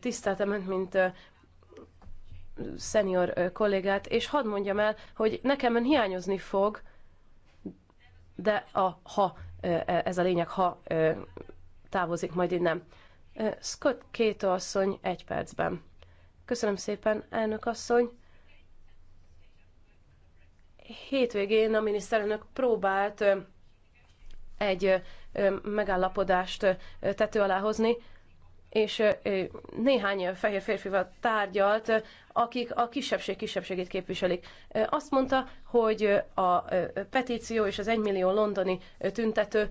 tiszteltem önt, mint szenior kollégát, és hadd mondjam el, hogy nekem ön hiányozni fog, de a ha, e, ez a lényeg, ha távozik majd innen. Scott Kéto asszony egy percben. Köszönöm szépen, elnök asszony. Hétvégén a miniszterelnök próbált egy megállapodást tető alá hozni, és néhány fehér férfival tárgyalt, akik a kisebbség kisebbségét képviselik. Azt mondta, hogy a petíció és az egymillió londoni tüntető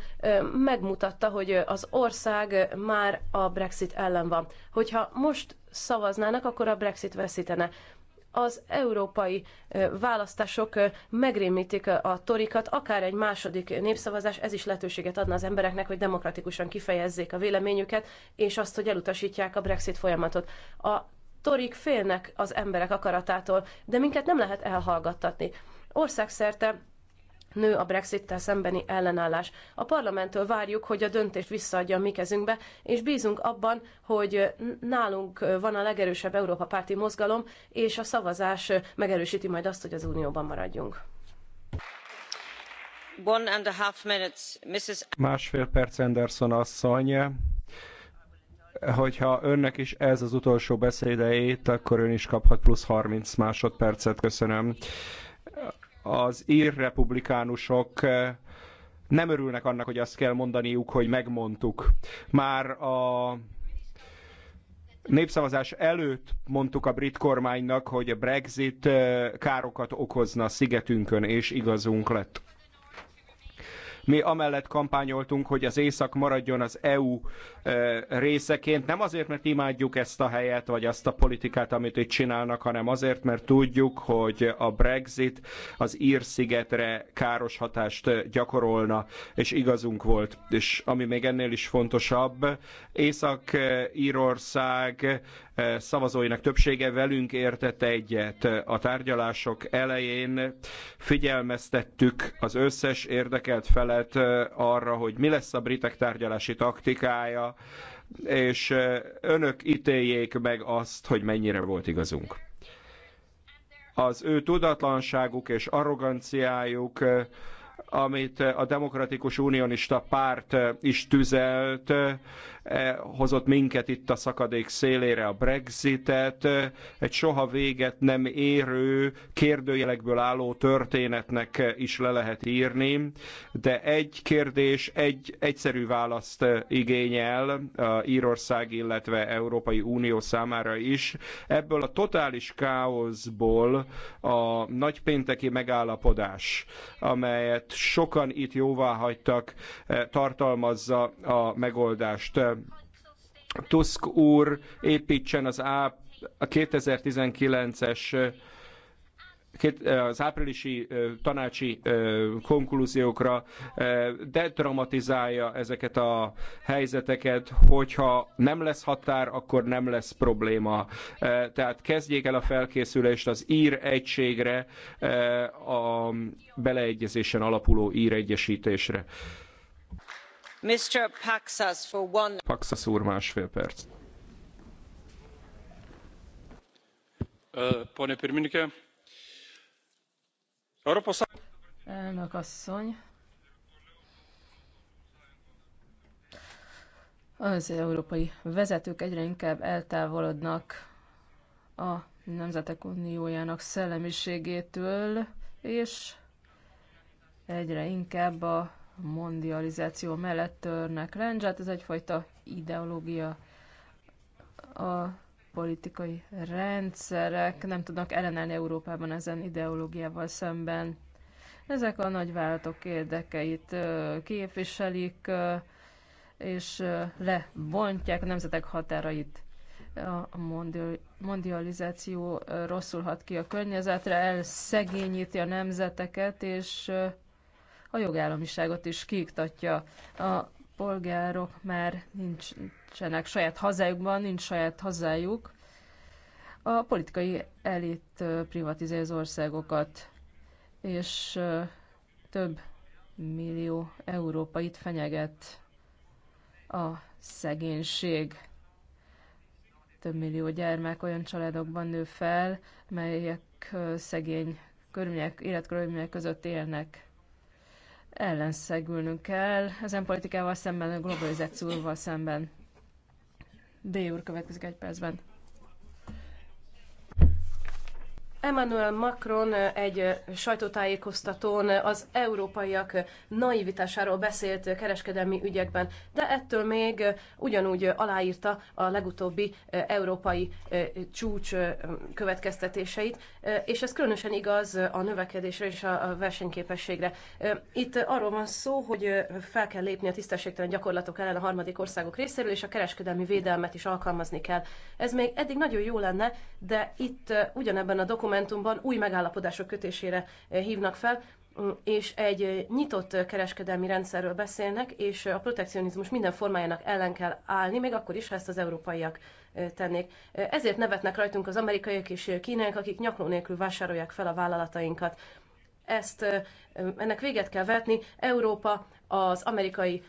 megmutatta, hogy az ország már a Brexit ellen van. Hogyha most szavaznának, akkor a Brexit veszítene az európai választások megrémítik a torikat, akár egy második népszavazás, ez is lehetőséget adna az embereknek, hogy demokratikusan kifejezzék a véleményüket, és azt, hogy elutasítják a Brexit folyamatot. A torik félnek az emberek akaratától, de minket nem lehet elhallgattatni. Országszerte nő a Brexittel szembeni ellenállás. A parlamenttől várjuk, hogy a döntést visszaadja a mi kezünkbe, és bízunk abban, hogy nálunk van a legerősebb Európa párti mozgalom, és a szavazás megerősíti majd azt, hogy az unióban maradjunk. One and a half minutes, Mrs. Másfél perc Anderson asszony hogyha önnek is ez az utolsó beszédeit, akkor ön is kaphat plusz 30 másodpercet. Köszönöm az ír republikánusok eh, nem örülnek annak, hogy azt kell mondaniuk, hogy megmondtuk. Már a népszavazás előtt mondtuk a brit kormánynak, hogy a Brexit eh, károkat okozna szigetünkön, és igazunk lett. Mi amellett kampányoltunk, hogy az Észak maradjon az EU részeként, nem azért, mert imádjuk ezt a helyet, vagy azt a politikát, amit itt csinálnak, hanem azért, mert tudjuk, hogy a Brexit az Ír-szigetre káros hatást gyakorolna, és igazunk volt. És ami még ennél is fontosabb, Észak-Írország Eh, szavazóinak többsége velünk értett egyet. Eh, a tárgyalások elején figyelmeztettük az összes érdekelt felet eh, arra, hogy mi lesz a britek tárgyalási taktikája, és önök ítéljék meg azt, hogy mennyire volt igazunk. Az ő tudatlanságuk és arroganciájuk amit a Demokratikus Unionista párt eh, is tüzelt, eh, hozott minket itt a szakadék szélére a Brexitet, eh, egy soha véget nem érő, kérdőjelekből álló történetnek is le lehet írni, de egy kérdés egy egyszerű választ igényel Írország, illetve Európai Unió számára is. Ebből a totális káoszból a nagypénteki megállapodás, amelyet amelyet sokan itt jóvá hagytak, eh, tartalmazza a megoldást. Tusk úr építsen az A 2019-es az áprilisi tanácsi konklúziókra detraumatizálja ezeket a helyzeteket, hogyha nem lesz határ, akkor nem lesz probléma. Tehát kezdjék el a felkészülést az ír egységre, a beleegyezésen alapuló ír egyesítésre. Mr. Paxas, for one... Paxas úr, másfél perc. Uh, Elnök asszony, az európai vezetők egyre inkább eltávolodnak a Nemzetek Uniójának szellemiségétől, és egyre inkább a mondializáció mellett törnek lencsát. Ez egyfajta ideológia a politikai rendszerek nem tudnak ellenállni Európában ezen ideológiával szemben. Ezek a nagyvállalatok érdekeit képviselik, és lebontják a nemzetek határait. A mondializáció rosszul hat ki a környezetre, elszegényíti a nemzeteket, és a jogállamiságot is kiiktatja. A polgárok már nincsenek saját hazájukban, nincs saját hazájuk, a politikai elit privatizálja az országokat, és több millió európait fenyeget a szegénység. Több millió gyermek olyan családokban nő fel, melyek szegény körülmények, életkörülmények között élnek. Ellenszegülnünk kell ezen politikával szemben, a globalizációval szemben. D úr következik egy percben. Emmanuel Macron egy sajtótájékoztatón az európaiak naivitásáról beszélt kereskedelmi ügyekben, de ettől még ugyanúgy aláírta a legutóbbi európai csúcs következtetéseit, és ez különösen igaz a növekedésre és a versenyképességre. Itt arról van szó, hogy fel kell lépni a tisztességtelen gyakorlatok ellen a harmadik országok részéről, és a kereskedelmi védelmet is alkalmazni kell. Ez még eddig nagyon jó lenne, de itt ugyanebben a dokumentumban momentumban új megállapodások kötésére eh, hívnak fel, mm, és egy eh, nyitott eh, kereskedelmi rendszerről beszélnek, és a protekcionizmus minden formájának ellen kell állni, még akkor is, ha ezt az európaiak tennék. Ezért nevetnek rajtunk az amerikaiak és kínaiak, akik nyakló nélkül vásárolják fel a vállalatainkat. Ezt, ennek véget kell vetni. Európa az amerikai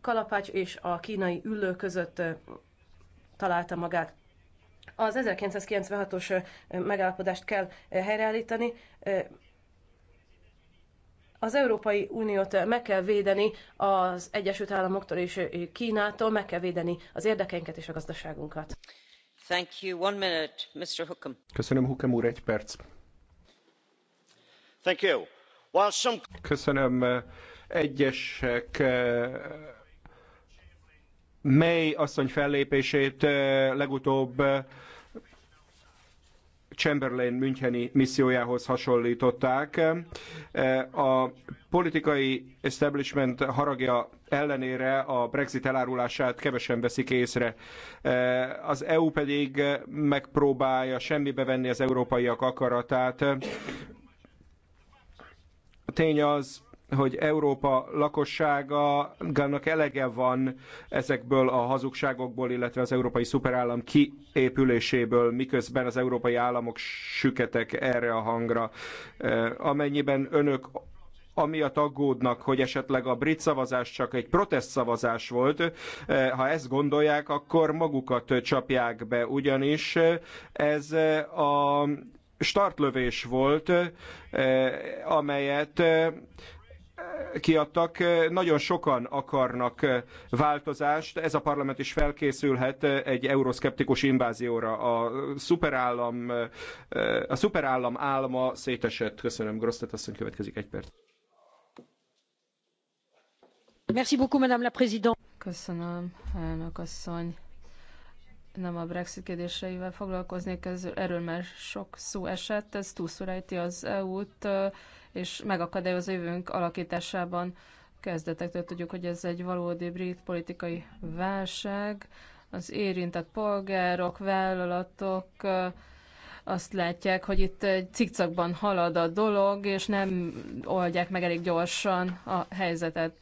kalapács és a kínai üllő között találta magát. Az 1996-os megállapodást kell helyreállítani. Az Európai Uniót meg kell védeni az Egyesült Államoktól és Kínától, meg kell védeni az érdekeinket és a gazdaságunkat. Thank you. One minute, Mr. Hookham. Köszönöm, Hookham úr, egy perc. Thank you. While some... Köszönöm. Egyesek May asszony fellépését legutóbb Chamberlain Müncheni missziójához hasonlították. A politikai establishment haragja ellenére a Brexit elárulását kevesen veszik észre. Az EU pedig megpróbálja semmibe venni az európaiak akaratát. A tény az, hogy Európa lakossága gannak elege van ezekből a hazugságokból, illetve az európai szuperállam kiépüléséből, miközben az európai államok süketek erre a hangra. E, amennyiben önök amiatt aggódnak, hogy esetleg a brit szavazás csak egy protest szavazás volt, e, ha ezt gondolják, akkor magukat csapják be, ugyanis ez a startlövés volt, e, amelyet kiadtak. Nagyon sokan akarnak változást, ez a parlament is felkészülhet egy euroszkeptikus invázióra. A szuperállam, a szuperállam álma szétesett. Köszönöm, Grosztet asszony, következik egy perc. Merci beaucoup, Madame la Présidente. Köszönöm, elnök asszony nem a Brexit kérdéseivel foglalkoznék, ez erről már sok szó esett, ez túlszorejti az EU-t, és megakadályoz jövőnk alakításában. Kezdetektől tudjuk, hogy ez egy valódi brit politikai válság. Az érintett polgárok, vállalatok azt látják, hogy itt egy cikcakban halad a dolog, és nem oldják meg elég gyorsan a helyzetet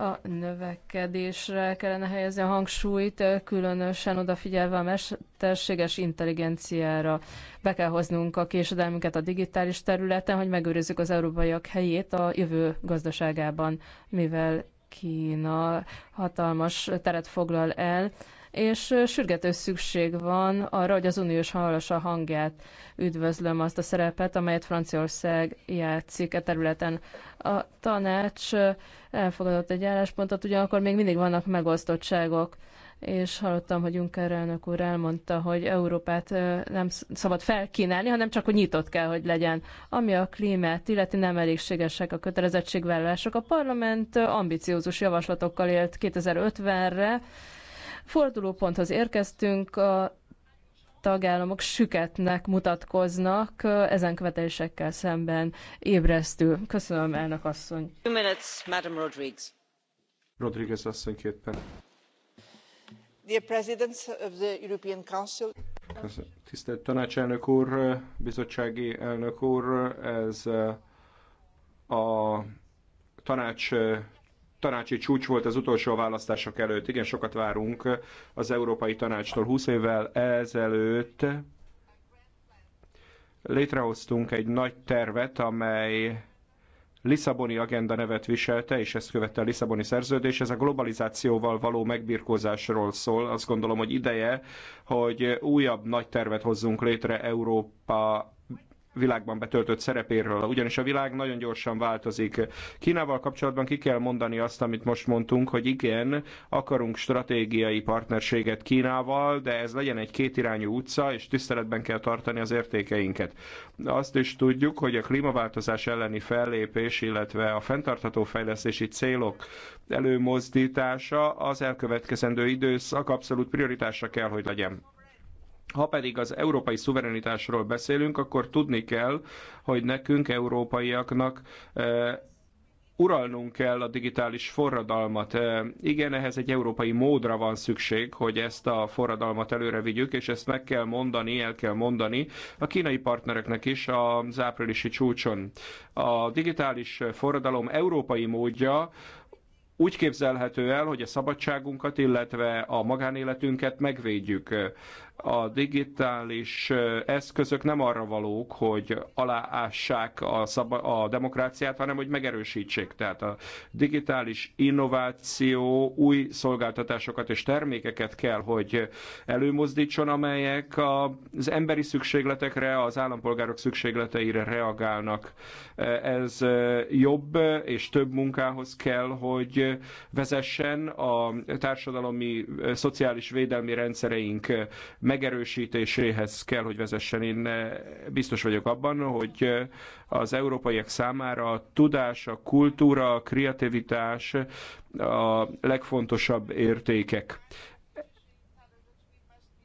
a növekedésre kellene helyezni a hangsúlyt, különösen odafigyelve a mesterséges intelligenciára. Be kell hoznunk a késedelmünket a digitális területen, hogy megőrizzük az európaiak helyét a jövő gazdaságában, mivel Kína hatalmas teret foglal el, és sürgető szükség van arra, hogy az uniós hallassa hangját. Üdvözlöm azt a szerepet, amelyet Franciaország játszik e területen. A tanács elfogadott egy álláspontot, ugyanakkor még mindig vannak megosztottságok és hallottam, hogy Juncker elnök úr elmondta, hogy Európát nem szabad felkínálni, hanem csak, hogy nyitott kell, hogy legyen. Ami a klímát illeti, nem elégségesek a kötelezettségvállalások. A parlament ambiciózus javaslatokkal élt 2050-re, Fordulóponthoz érkeztünk, a tagállamok süketnek mutatkoznak ezen követelésekkel szemben ébresztő. Köszönöm, elnök asszony. Two minutes, Madam Rodriguez. Rodriguez asszony két perc. Dear Presidents of the European Council. Köszönöm. Tisztelt tanácselnök úr, bizottsági elnök úr, ez a tanács tanácsi csúcs volt az utolsó választások előtt. Igen, sokat várunk az Európai Tanácstól. 20 évvel ezelőtt létrehoztunk egy nagy tervet, amely Lisszaboni agenda nevet viselte, és ezt követte a Lisszaboni szerződés. Ez a globalizációval való megbirkózásról szól. Azt gondolom, hogy ideje, hogy újabb nagy tervet hozzunk létre Európa világban betöltött szerepéről, ugyanis a világ nagyon gyorsan változik. Kínával kapcsolatban ki kell mondani azt, amit most mondtunk, hogy igen, akarunk stratégiai partnerséget Kínával, de ez legyen egy kétirányú utca, és tiszteletben kell tartani az értékeinket. Azt is tudjuk, hogy a klímaváltozás elleni fellépés, illetve a fenntartható fejlesztési célok előmozdítása az elkövetkezendő időszak abszolút prioritása kell, hogy legyen ha pedig az európai szuverenitásról beszélünk, akkor tudni kell, hogy nekünk, európaiaknak uralnunk kell a digitális forradalmat. Igen, ehhez egy európai módra van szükség, hogy ezt a forradalmat előre vigyük, és ezt meg kell mondani, el kell mondani a kínai partnereknek is az áprilisi csúcson. A digitális forradalom európai módja úgy képzelhető el, hogy a szabadságunkat, illetve a magánéletünket megvédjük a digitális eszközök nem arra valók, hogy aláássák a, szab- a demokráciát, hanem hogy megerősítsék. Tehát a digitális innováció új szolgáltatásokat és termékeket kell, hogy előmozdítson, amelyek az emberi szükségletekre, az állampolgárok szükségleteire reagálnak. Ez jobb és több munkához kell, hogy vezessen a társadalmi, szociális védelmi rendszereink megerősítéséhez kell, hogy vezessen. Én eh, biztos vagyok abban, hogy eh, az európaiak számára a tudás, a kultúra, a kreativitás a legfontosabb értékek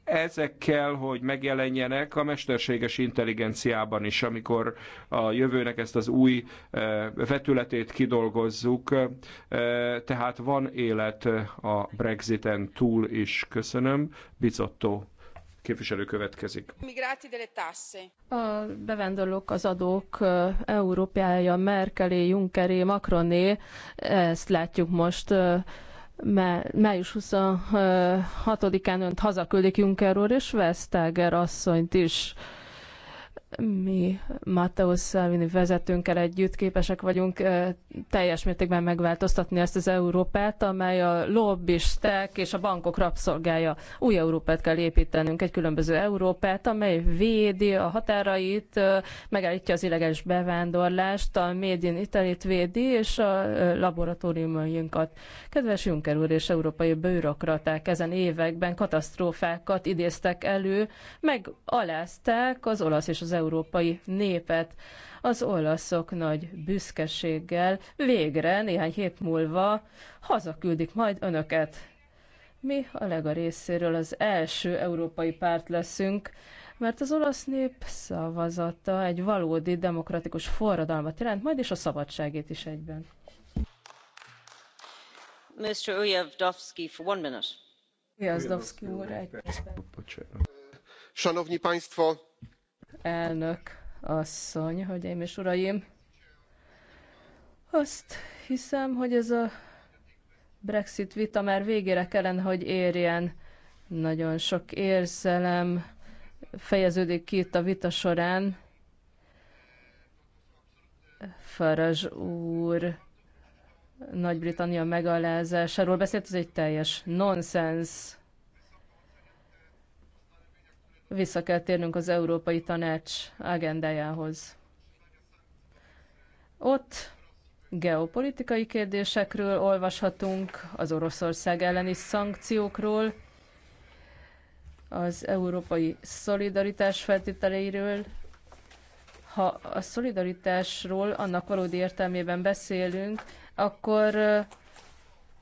ezek kell, hogy megjelenjenek a mesterséges intelligenciában is, amikor a jövőnek ezt az új eh, vetületét kidolgozzuk. Tehát van élet a Brexiten túl is. Köszönöm. Bizotto képviselő következik. A bevándorlók az adók Európája, Merkelé, Junckeré, Macroné, ezt látjuk most május 26-án önt hazaküldik Juncker úr és Vestager asszonyt is mi Mateusz Salvini vezetőnkkel együtt képesek vagyunk teljes mértékben megváltoztatni ezt az Európát, amely a lobbisták és a bankok rabszolgája. Új Európát kell építenünk, egy különböző Európát, amely védi a határait, megállítja az illegális bevándorlást, a Made in italy védi, és a laboratóriumainkat. Kedves Juncker úr és európai bőrokraták ezen években katasztrófákat idéztek elő, megalázták az olasz és az európai népet. Az olaszok nagy büszkeséggel végre néhány hét múlva hazaküldik majd önöket. Mi a lega részéről az első európai párt leszünk, mert az olasz nép szavazata egy valódi demokratikus forradalmat jelent, majd és a szabadságét is egyben. Mr. Ujazdowski, for one minute. Ujazdowski úr, egy Szanowni Państwo! elnök asszony, hölgyeim és uraim. Azt hiszem, hogy ez a Brexit vita már végére kellene, hogy érjen. Nagyon sok érzelem fejeződik ki itt a vita során. Farage úr Nagy-Britannia megalázásáról beszélt, ez egy teljes nonsens vissza kell térnünk az Európai Tanács agendájához. Ott geopolitikai kérdésekről olvashatunk, az Oroszország elleni szankciókról, az európai szolidaritás feltételeiről. Ha a szolidaritásról annak valódi értelmében beszélünk, akkor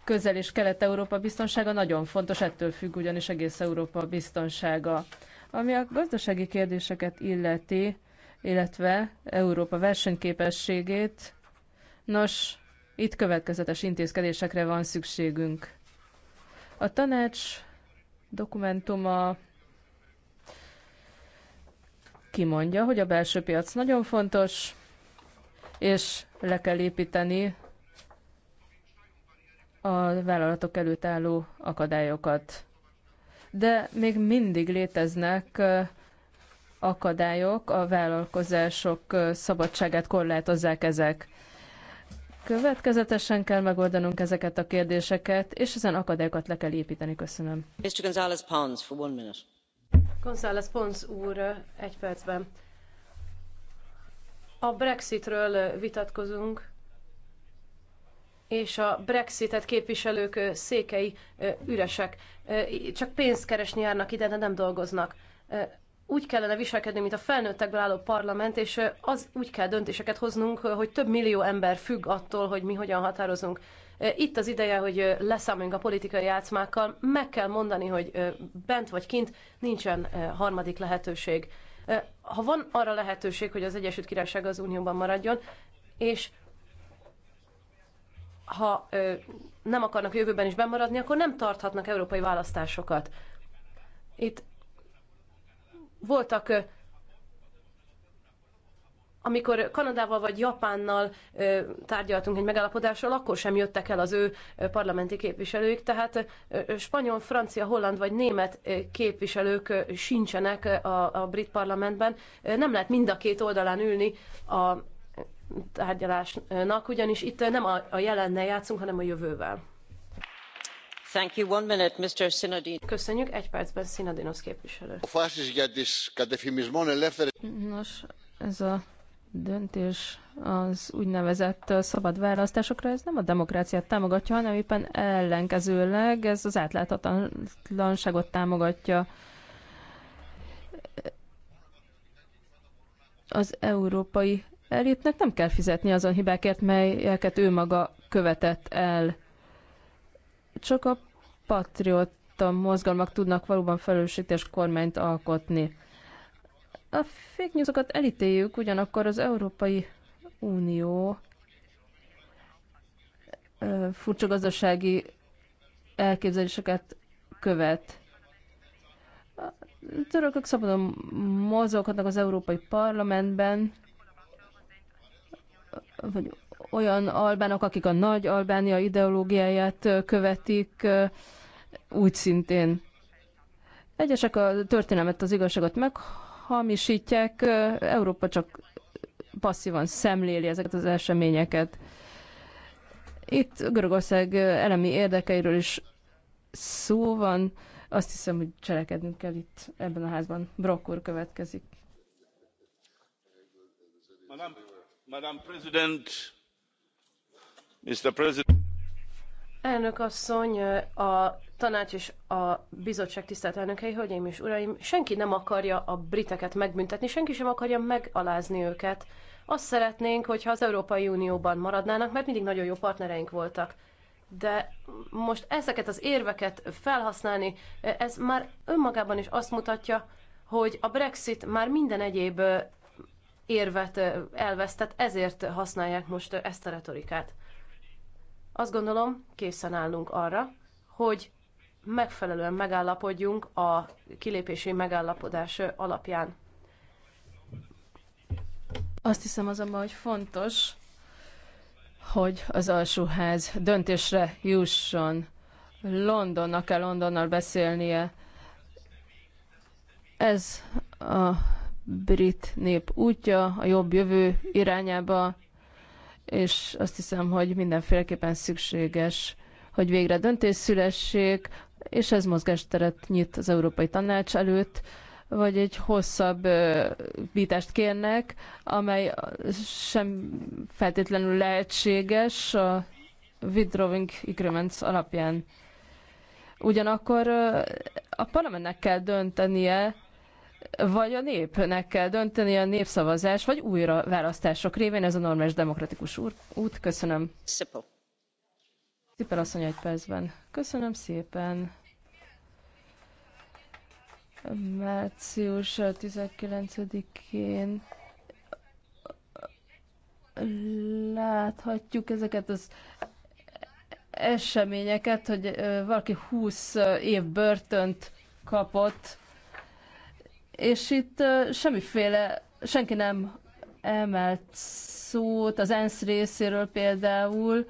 közel- és kelet-európa biztonsága nagyon fontos, ettől függ ugyanis egész Európa biztonsága. Ami a gazdasági kérdéseket illeti, illetve Európa versenyképességét, nos, itt következetes intézkedésekre van szükségünk. A tanács dokumentuma kimondja, hogy a belső piac nagyon fontos, és le kell építeni a vállalatok előtt álló akadályokat de még mindig léteznek akadályok, a vállalkozások szabadságát korlátozzák ezek. Következetesen kell megoldanunk ezeket a kérdéseket, és ezen akadályokat le kell építeni. Köszönöm. Mr. González Pons, for one minute. González Pons úr, egy percben. A Brexitről vitatkozunk, és a Brexitet képviselők székei üresek. Csak pénzt keresni járnak ide, de nem dolgoznak. Úgy kellene viselkedni, mint a felnőttekből álló parlament, és az úgy kell döntéseket hoznunk, hogy több millió ember függ attól, hogy mi hogyan határozunk. Itt az ideje, hogy leszámoljunk a politikai játszmákkal, meg kell mondani, hogy bent vagy kint nincsen harmadik lehetőség. Ha van arra lehetőség, hogy az Egyesült Királyság az Unióban maradjon, és ha ö, nem akarnak jövőben is bemaradni, akkor nem tarthatnak európai választásokat. Itt voltak, ö, amikor Kanadával vagy Japánnal ö, tárgyaltunk egy megállapodásról, akkor sem jöttek el az ő parlamenti képviselőik, tehát ö, spanyol, francia, holland vagy német képviselők ö, sincsenek a, a brit parlamentben. Nem lehet mind a két oldalán ülni a, tárgyalásnak, ugyanis itt nem a, jelennel játszunk, hanem a jövővel. Thank you. One minute, Mr. Synodin. Köszönjük, egy percben Sinadinos képviselő. Nos, ez a döntés az úgynevezett szabad választásokra, ez nem a demokráciát támogatja, hanem éppen ellenkezőleg ez az átláthatatlanságot támogatja. Az európai elitnek nem kell fizetni azon hibákért, melyeket ő maga követett el. Csak a patrióta mozgalmak tudnak valóban felelősséges kormányt alkotni. A fake newsokat elítéljük, ugyanakkor az Európai Unió furcsa gazdasági elképzeléseket követ. A törökök szabadon mozoghatnak az Európai Parlamentben, vagy olyan albánok, akik a nagy Albánia ideológiáját követik, úgy szintén. Egyesek a történelmet, az igazságot meghamisítják, Európa csak passzívan szemléli ezeket az eseményeket. Itt Görögország elemi érdekeiről is szó van. Azt hiszem, hogy cselekednünk kell itt ebben a házban. Brokkor következik. Madame. Elnök asszony, a tanács és a bizottság tisztelt elnökei, hölgyeim és uraim, senki nem akarja a briteket megbüntetni, senki sem akarja megalázni őket. Azt szeretnénk, hogyha az Európai Unióban maradnának, mert mindig nagyon jó partnereink voltak. De most ezeket az érveket felhasználni, ez már önmagában is azt mutatja, hogy a Brexit már minden egyéb érvet elvesztett, ezért használják most ezt a retorikát. Azt gondolom, készen állunk arra, hogy megfelelően megállapodjunk a kilépési megállapodás alapján. Azt hiszem azonban, hogy fontos, hogy az alsóház döntésre jusson. Londonnak kell Londonnal beszélnie. Ez a brit nép útja a jobb jövő irányába, és azt hiszem, hogy mindenféleképpen szükséges, hogy végre döntés szülessék, és ez mozgásteret nyit az Európai Tanács előtt, vagy egy hosszabb vitást kérnek, amely sem feltétlenül lehetséges a withdrawing agreements alapján. Ugyanakkor a parlamentnek kell döntenie, vagy a népnek kell dönteni a népszavazás, vagy újra választások révén ez a normális demokratikus út. Köszönöm. Szipel. Szipel asszony egy percben. Köszönöm szépen. Március 19-én láthatjuk ezeket az eseményeket, hogy valaki 20 év börtönt kapott és itt semmiféle, senki nem emelt szót az ENSZ részéről például,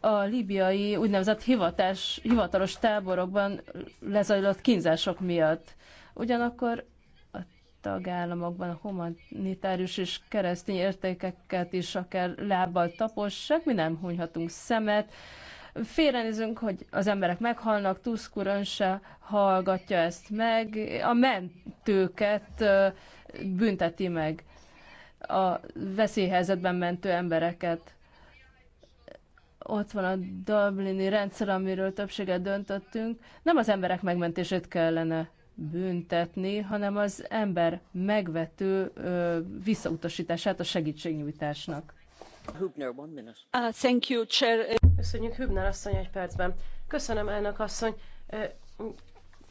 a libiai úgynevezett hivatás, hivatalos táborokban lezajlott kínzások miatt. Ugyanakkor a tagállamokban a humanitárius és keresztény értékeket is akár lábbal tapossák, mi nem hunyhatunk szemet, Félrenézünk, hogy az emberek meghalnak, Tusk uron se hallgatja ezt meg, a mentőket bünteti meg, a veszélyhelyzetben mentő embereket ott van a Dublini rendszer, amiről többséget döntöttünk, nem az emberek megmentését kellene büntetni, hanem az ember megvető ö, visszautasítását a segítségnyújtásnak. Hübner, one minute. Uh, thank you, Chair. Köszönjük Hübner asszony egy percben. Köszönöm elnök asszony.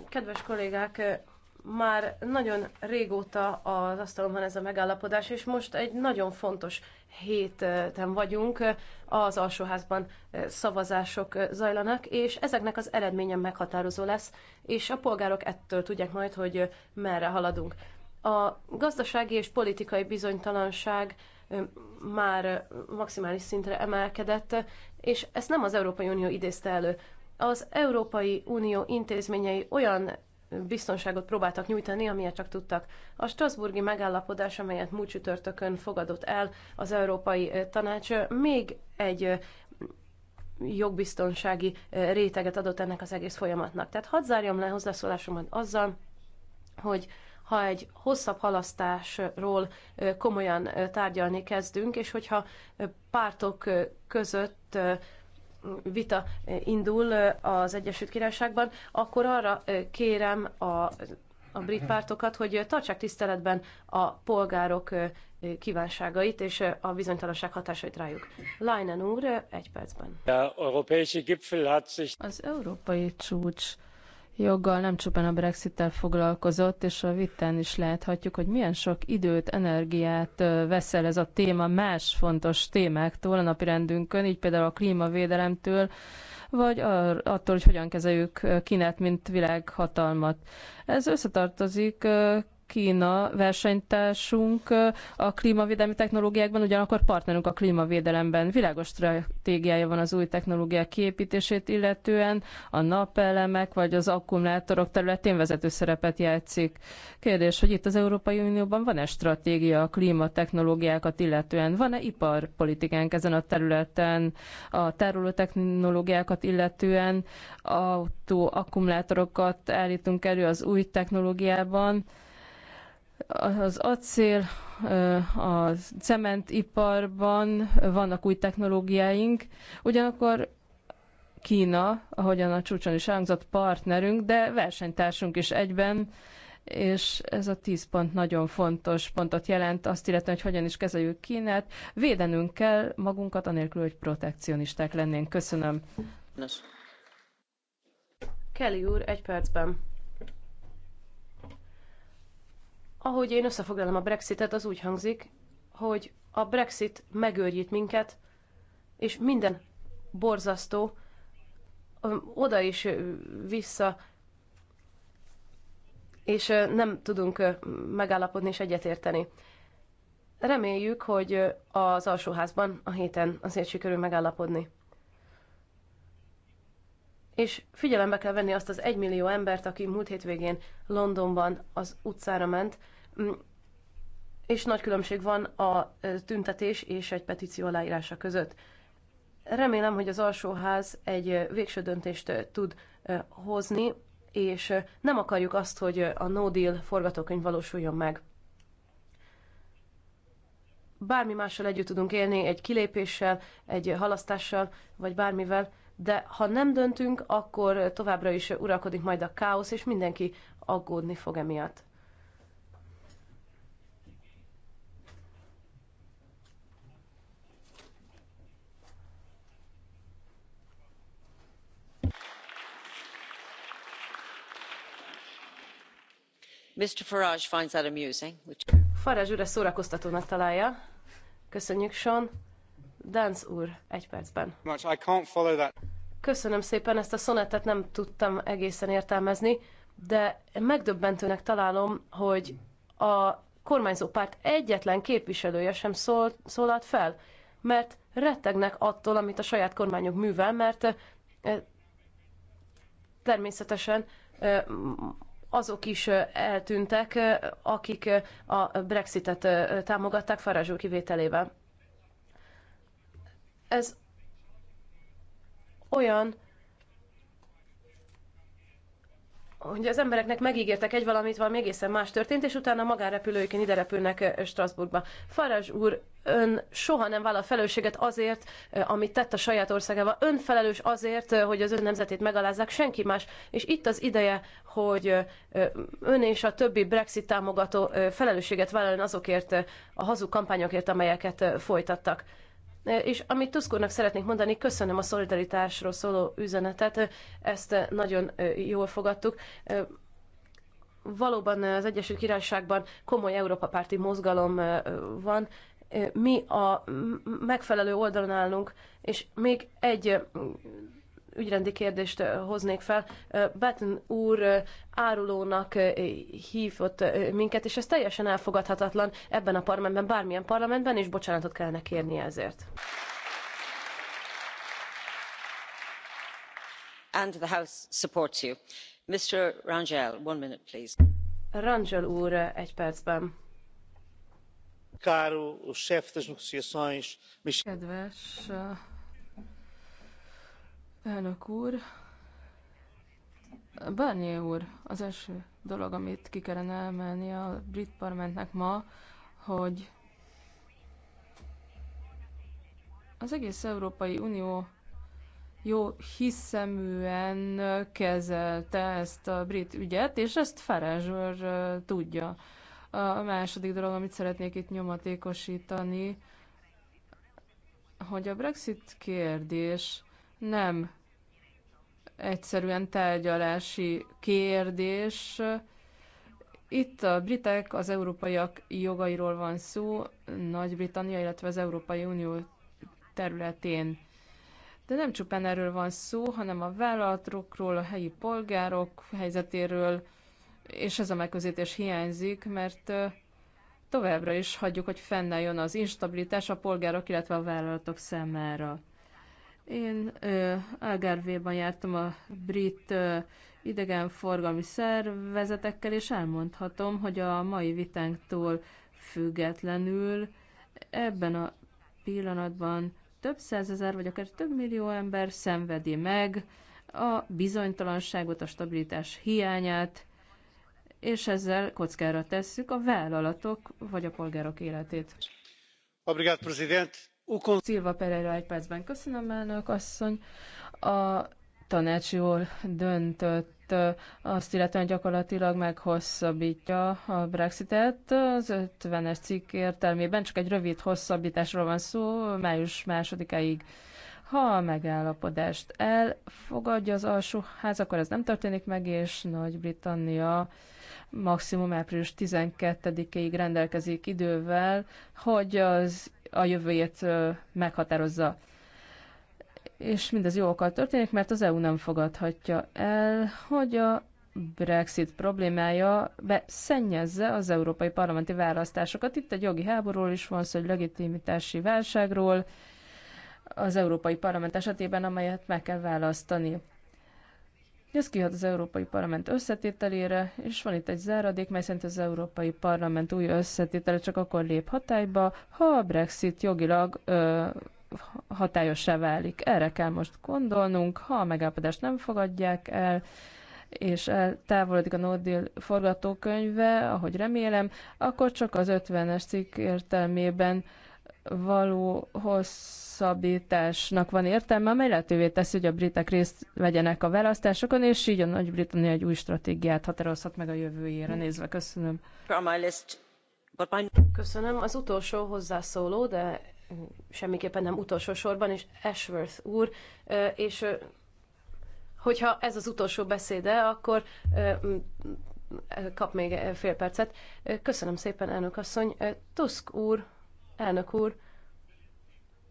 Kedves kollégák, már nagyon régóta az asztalon van ez a megállapodás, és most egy nagyon fontos héten vagyunk. Az alsóházban szavazások zajlanak, és ezeknek az eredménye meghatározó lesz, és a polgárok ettől tudják majd, hogy merre haladunk. A gazdasági és politikai bizonytalanság már maximális szintre emelkedett, és ezt nem az Európai Unió idézte elő. Az Európai Unió intézményei olyan biztonságot próbáltak nyújtani, amilyet csak tudtak. A Strasburgi megállapodás, amelyet múlt csütörtökön fogadott el az Európai Tanács, még egy jogbiztonsági réteget adott ennek az egész folyamatnak. Tehát hadd zárjam le hozzászólásomat azzal, hogy ha egy hosszabb halasztásról komolyan tárgyalni kezdünk, és hogyha pártok között vita indul az Egyesült Királyságban, akkor arra kérem a, a brit pártokat, hogy tartsák tiszteletben a polgárok kívánságait és a bizonytalanság hatásait rájuk. Leinen úr, egy percben. Az európai csúcs joggal nem csupán a Brexit-tel foglalkozott, és a vitán is láthatjuk, hogy milyen sok időt, energiát veszel ez a téma más fontos témáktól a napirendünkön, így például a klímavédelemtől, vagy attól, hogy hogyan kezeljük Kínát, mint világhatalmat. Ez összetartozik Kína versenytársunk a klímavédelmi technológiákban, ugyanakkor partnerünk a klímavédelemben. Világos stratégiája van az új technológiák kiépítését illetően, a napelemek vagy az akkumulátorok területén vezető szerepet játszik. Kérdés, hogy itt az Európai Unióban van-e stratégia a klímatechnológiákat illetően? Van-e iparpolitikánk ezen a területen a tároló technológiákat illetően? Autó akkumulátorokat állítunk elő az új technológiában, az acél, a cementiparban vannak új technológiáink, ugyanakkor Kína, ahogyan a csúcson is hangzott, partnerünk, de versenytársunk is egyben, és ez a tíz pont nagyon fontos pontot jelent, azt illetve, hogy hogyan is kezeljük Kínát. Védenünk kell magunkat, anélkül, hogy protekcionisták lennénk. Köszönöm. Nos. Kelly úr, egy percben. Ahogy én összefoglalom a Brexitet, az úgy hangzik, hogy a Brexit megőrjít minket, és minden borzasztó oda is vissza, és nem tudunk megállapodni és egyetérteni. Reméljük, hogy az alsóházban a héten azért sikerül megállapodni. És figyelembe kell venni azt az egymillió embert, aki múlt hétvégén Londonban az utcára ment, Mm, és nagy különbség van a tüntetés és egy petíció aláírása között. Remélem, hogy az alsóház egy végső döntést tud hozni, és nem akarjuk azt, hogy a no deal forgatókönyv valósuljon meg. Bármi mással együtt tudunk élni, egy kilépéssel, egy halasztással, vagy bármivel, de ha nem döntünk, akkor továbbra is uralkodik majd a káosz, és mindenki aggódni fog emiatt. Farage úr ezt szórakoztatónak találja. Köszönjük, Sean. Dance úr, egy percben. Köszönöm szépen, ezt a szonettet nem tudtam egészen értelmezni, de megdöbbentőnek találom, hogy a kormányzó párt egyetlen képviselője sem szól, szólalt fel, mert rettegnek attól, amit a saját kormányuk művel, mert eh, természetesen eh, azok is eltűntek, akik a Brexitet támogatták Farazsó kivételével. Ez olyan, hogy az embereknek megígértek egy valamit, valami egészen más történt, és utána magánrepülőiken ide repülnek eh, Strasbourgba. Farazs úr, ön soha nem vállal felelősséget azért, eh, amit tett a saját országával. Ön felelős azért, eh, hogy az ön nemzetét megalázzák, senki más. És itt az ideje, hogy ön és a többi Brexit támogató felelősséget vállaljon azokért a hazug kampányokért, amelyeket folytattak. És amit Tusk szeretnék mondani, köszönöm a szolidaritásról szóló üzenetet, ezt nagyon jól fogadtuk. Valóban az Egyesült Királyságban komoly Európa párti mozgalom van, mi a megfelelő oldalon állunk, és még egy ügyrendi kérdést hoznék fel. Betten úr árulónak hívott minket, és ez teljesen elfogadhatatlan ebben a parlamentben, bármilyen parlamentben, és bocsánatot kellene kérni ezért. And the House supports you. Mr. Rangel, one minute, please. Rangel úr, egy percben. Káro, chefe das negociações... Kedves Elnök úr, Barnier úr, az első dolog, amit ki kellene emelni a brit parlamentnek ma, hogy az egész Európai Unió jó hiszeműen kezelte ezt a brit ügyet, és ezt Farage tudja. A második dolog, amit szeretnék itt nyomatékosítani, hogy a Brexit kérdés nem egyszerűen tárgyalási kérdés. Itt a britek, az európaiak jogairól van szó, Nagy-Britannia, illetve az Európai Unió területén. De nem csupán erről van szó, hanem a vállalatokról, a helyi polgárok helyzetéről, és ez a megközelítés hiányzik, mert továbbra is hagyjuk, hogy fennálljon az instabilitás a polgárok, illetve a vállalatok számára. Én Algarve-ban jártam a brit ö, idegenforgalmi szervezetekkel, és elmondhatom, hogy a mai vitánktól függetlenül ebben a pillanatban több százezer vagy akár több millió ember szenvedi meg a bizonytalanságot, a stabilitás hiányát, és ezzel kockára tesszük a vállalatok vagy a polgárok életét. Obrigado, presidente Szilva Pereira egy percben. Köszönöm, elnök asszony. A tanács jól döntött azt illetően gyakorlatilag meghosszabbítja a Brexitet. Az 50-es cikk értelmében csak egy rövid hosszabbításról van szó, május másodikáig. Ha a megállapodást elfogadja az ház, akkor ez nem történik meg, és Nagy-Britannia maximum április 12-ig rendelkezik idővel, hogy az a jövőjét meghatározza. És mindez jó okkal történik, mert az EU nem fogadhatja el, hogy a Brexit problémája beszennyezze az európai parlamenti választásokat. Itt egy jogi háborúról is van szó, egy legitimitási válságról az európai parlament esetében, amelyet meg kell választani. Ez kihat az Európai Parlament összetételére, és van itt egy záradék, mely szerint az Európai Parlament új összetétele csak akkor lép hatályba, ha a Brexit jogilag ö, hatályossá válik. Erre kell most gondolnunk, ha a megállapodást nem fogadják el, és eltávolodik a Nordil forgatókönyve, ahogy remélem, akkor csak az 50-es cikk értelmében való hosszabbításnak van értelme, amely lehetővé teszi, hogy a britek részt vegyenek a választásokon, és így a Nagy-Britannia egy új stratégiát határozhat meg a jövőjére nézve. Köszönöm. Köszönöm. Az utolsó hozzászóló, de semmiképpen nem utolsó sorban, és Ashworth úr, és hogyha ez az utolsó beszéde, akkor kap még fél percet. Köszönöm szépen, elnök asszony. Tusk úr Elnök úr,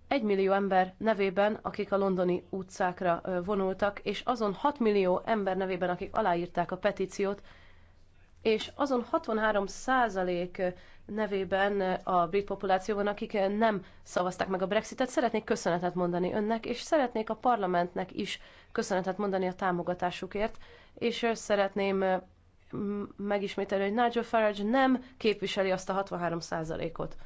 egy millió ember nevében, akik a londoni utcákra vonultak, és azon 6 millió ember nevében, akik aláírták a petíciót, és azon 63 százalék nevében a brit populációban, akik nem szavazták meg a Brexitet, szeretnék köszönetet mondani önnek, és szeretnék a parlamentnek is köszönetet mondani a támogatásukért, és szeretném megismételni, hogy Nigel Farage nem képviseli azt a 63 százalékot.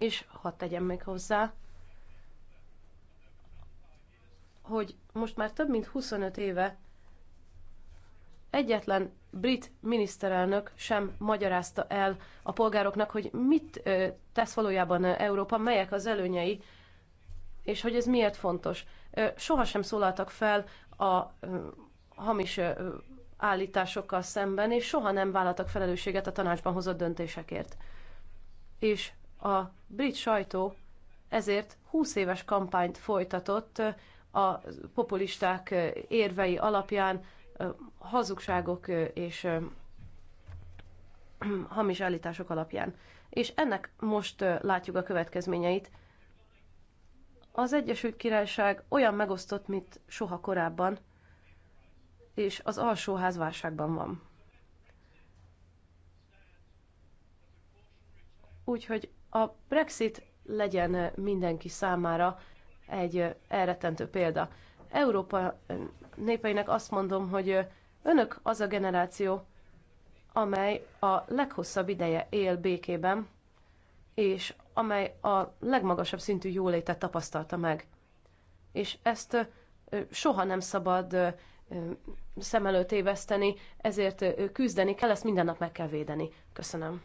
És hadd tegyem még hozzá, hogy most már több mint 25 éve egyetlen brit miniszterelnök sem magyarázta el a polgároknak, hogy mit tesz valójában Európa, melyek az előnyei, és hogy ez miért fontos. Soha sem szólaltak fel a hamis állításokkal szemben, és soha nem vállaltak felelősséget a tanácsban hozott döntésekért. És a brit sajtó ezért 20 éves kampányt folytatott a populisták érvei alapján, hazugságok és hamis állítások alapján. És ennek most látjuk a következményeit. Az Egyesült Királyság olyan megosztott, mint soha korábban, és az alsóház válságban van. Úgyhogy a Brexit legyen mindenki számára egy elrettentő példa. Európa népeinek azt mondom, hogy önök az a generáció, amely a leghosszabb ideje él békében, és amely a legmagasabb szintű jólétet tapasztalta meg. És ezt soha nem szabad szem előtt éveszteni, ezért küzdeni kell, ezt minden nap meg kell védeni. Köszönöm.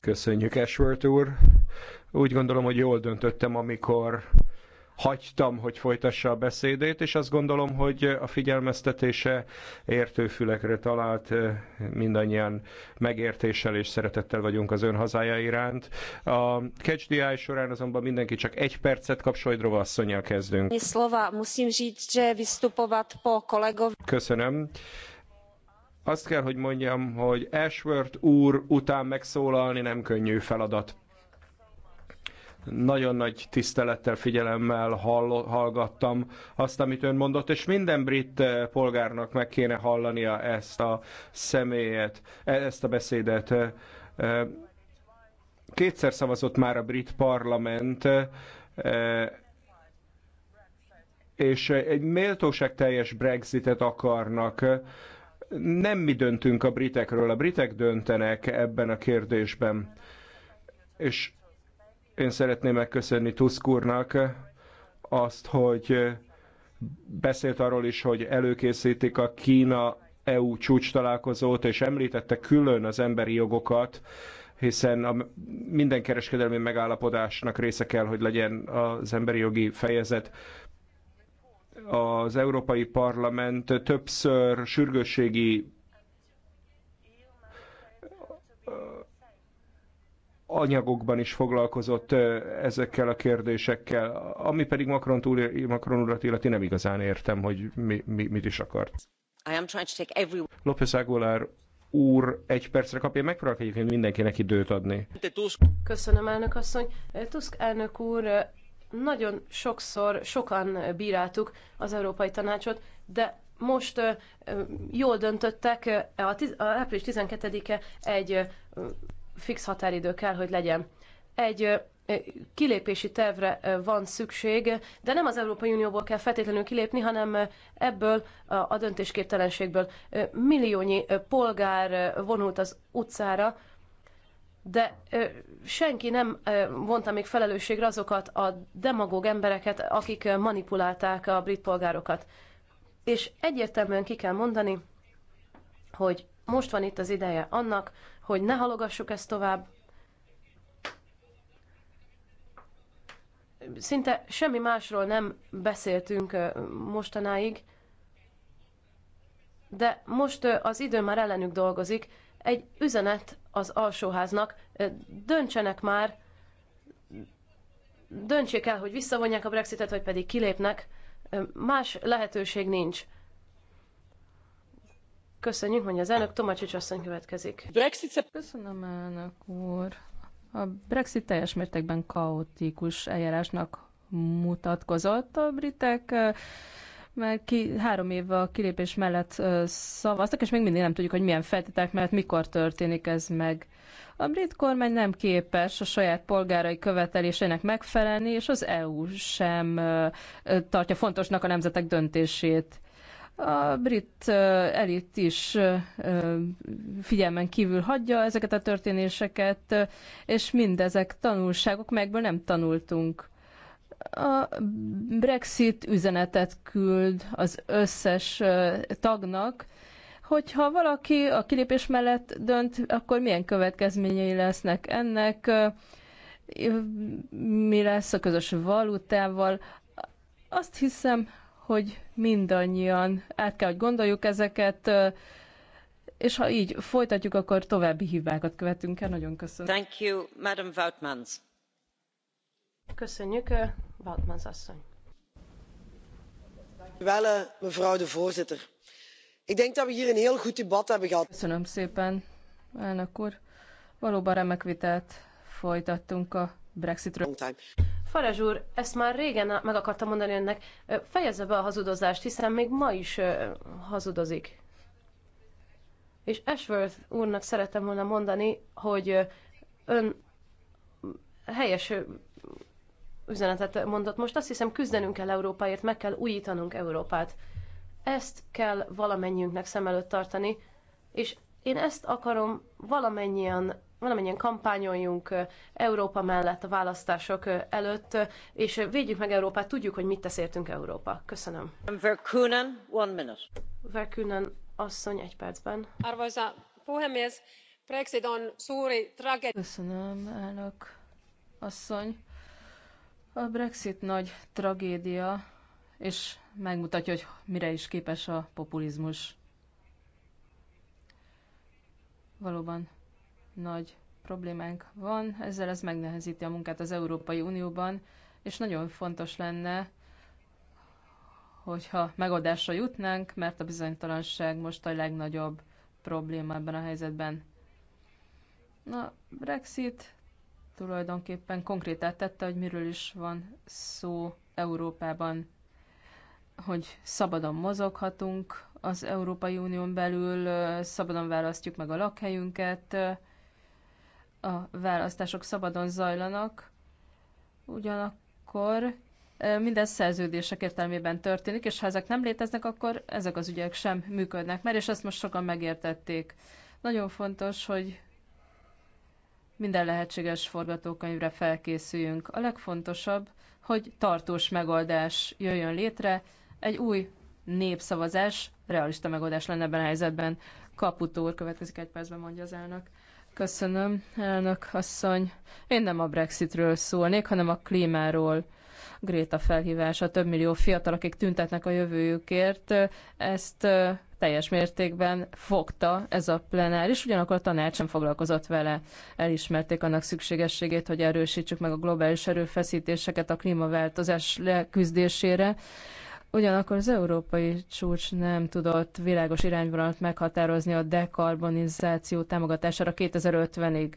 Köszönjük, Ashworth úr. Úgy gondolom, hogy jól döntöttem, amikor hagytam, hogy folytassa a beszédét, és azt gondolom, hogy a figyelmeztetése értőfülekre talált, eh, mindannyian megértéssel és szeretettel vagyunk az ön hazája iránt. A Catch the Eye során azonban mindenki csak egy percet kap, Sojdrova asszonyjal kezdünk. Köszönöm azt kell, hogy mondjam, hogy Ashworth úr után megszólalni nem könnyű feladat. Nagyon nagy tisztelettel, figyelemmel hall, hallgattam azt, amit ön mondott, és minden brit eh, polgárnak meg kéne hallania ezt a személyet, e-, ezt a beszédet. Eh, kétszer szavazott már a brit parlament, eh, és egy teljes Brexitet akarnak nem mi döntünk a britekről, a britek döntenek ebben a kérdésben. És én szeretném megköszönni Tusk úrnak azt, hogy beszélt arról is, hogy előkészítik a Kína-EU csúcs találkozót, és említette külön az emberi jogokat, hiszen a minden kereskedelmi megállapodásnak része kell, hogy legyen az emberi jogi fejezet az Európai Parlament többször sürgősségi anyagokban is foglalkozott ezekkel a kérdésekkel, ami pedig Macron, túl, Macron urat illeti nem igazán értem, hogy mi, mi, mit is akart. I am to take every... López Aguilar úr egy percre kapja, megpróbálok egyébként mindenkinek időt adni. Köszönöm, elnök asszony. Tusk elnök úr nagyon sokszor sokan bíráltuk az Európai Tanácsot, de most jól döntöttek, a, tiz, a április 12-e egy fix határidő kell, hogy legyen. Egy kilépési tervre van szükség, de nem az Európai Unióból kell feltétlenül kilépni, hanem ebből a döntésképtelenségből. Milliónyi polgár vonult az utcára, de ö, senki nem ö, vonta még felelősségre azokat a demagóg embereket, akik ö, manipulálták a brit polgárokat. És egyértelműen ki kell mondani, hogy most van itt az ideje annak, hogy ne halogassuk ezt tovább. Szinte semmi másról nem beszéltünk mostanáig, de most az idő már ellenük dolgozik, egy üzenet az alsóháznak, döntsenek már, döntsék el, hogy visszavonják a Brexitet, vagy pedig kilépnek. Más lehetőség nincs. Köszönjük, mondja az elnök. Tomacsics asszony következik. Brexit Köszönöm, elnök úr. A Brexit teljes mértékben kaotikus eljárásnak mutatkozott. A britek mert ki, három év a kilépés mellett ö, szavaztak, és még mindig nem tudjuk, hogy milyen feltételek mellett mikor történik ez meg. A brit kormány nem képes a saját polgárai követelésének megfelelni, és az EU sem ö, ö, tartja fontosnak a nemzetek döntését. A brit elit is figyelmen kívül hagyja ezeket a történéseket, és mindezek tanulságok, melyekből nem tanultunk a Brexit üzenetet küld az összes tagnak, hogyha valaki a kilépés mellett dönt, akkor milyen következményei lesznek ennek, mi lesz a közös valutával. Azt hiszem, hogy mindannyian át kell, hogy gondoljuk ezeket, és ha így folytatjuk, akkor további hibákat követünk el. Nagyon köszönöm. Thank you, Madam Köszönjük, Valtmans asszony. Eh, mevrouw de voorzitter. Ik denk dat we hier een heel goed debat hebben gehad. Köszönöm szépen, elnök úr. Valóban remek vitát folytattunk a Brexitről. Farage úr, ezt már régen meg akartam mondani önnek, fejezze be a hazudozást, hiszen még ma is hazudozik. És Ashworth úrnak szeretem volna mondani, hogy ön helyes üzenetet mondott most. Azt hiszem, küzdenünk kell Európáért, meg kell újítanunk Európát. Ezt kell valamennyiünknek szem előtt tartani, és én ezt akarom valamennyien valamennyien kampányoljunk Európa mellett a választások előtt, és védjük meg Európát, tudjuk, hogy mit tesz értünk Európa. Köszönöm. Verkunen, one minute. Verkunen asszony egy percben. Arvoisa puhemies, Brexit on suuri tragedia. Köszönöm, elnök asszony. A Brexit nagy tragédia, és megmutatja, hogy mire is képes a populizmus. Valóban nagy problémánk van, ezzel ez megnehezíti a munkát az Európai Unióban, és nagyon fontos lenne, hogyha megoldásra jutnánk, mert a bizonytalanság most a legnagyobb probléma ebben a helyzetben. A Brexit tulajdonképpen konkrétát tette, hogy miről is van szó Európában, hogy szabadon mozoghatunk az Európai Unión belül, szabadon választjuk meg a lakhelyünket, a választások szabadon zajlanak, ugyanakkor minden szerződések értelmében történik, és ha ezek nem léteznek, akkor ezek az ügyek sem működnek Mert és ezt most sokan megértették. Nagyon fontos, hogy minden lehetséges forgatókönyvre felkészüljünk. A legfontosabb, hogy tartós megoldás jöjjön létre, egy új népszavazás, realista megoldás lenne ebben a helyzetben. Kaputór úr következik egy percben, mondja az elnök. Köszönöm, elnök asszony. Én nem a Brexitről szólnék, hanem a klímáról. Gréta felhívása, több millió fiatal, akik tüntetnek a jövőjükért, ezt teljes mértékben fogta ez a plenáris, ugyanakkor a tanács sem foglalkozott vele. Elismerték annak szükségességét, hogy erősítsük meg a globális erőfeszítéseket a klímaváltozás leküzdésére. Ugyanakkor az európai csúcs nem tudott világos irányvonalat meghatározni a dekarbonizáció támogatására 2050-ig.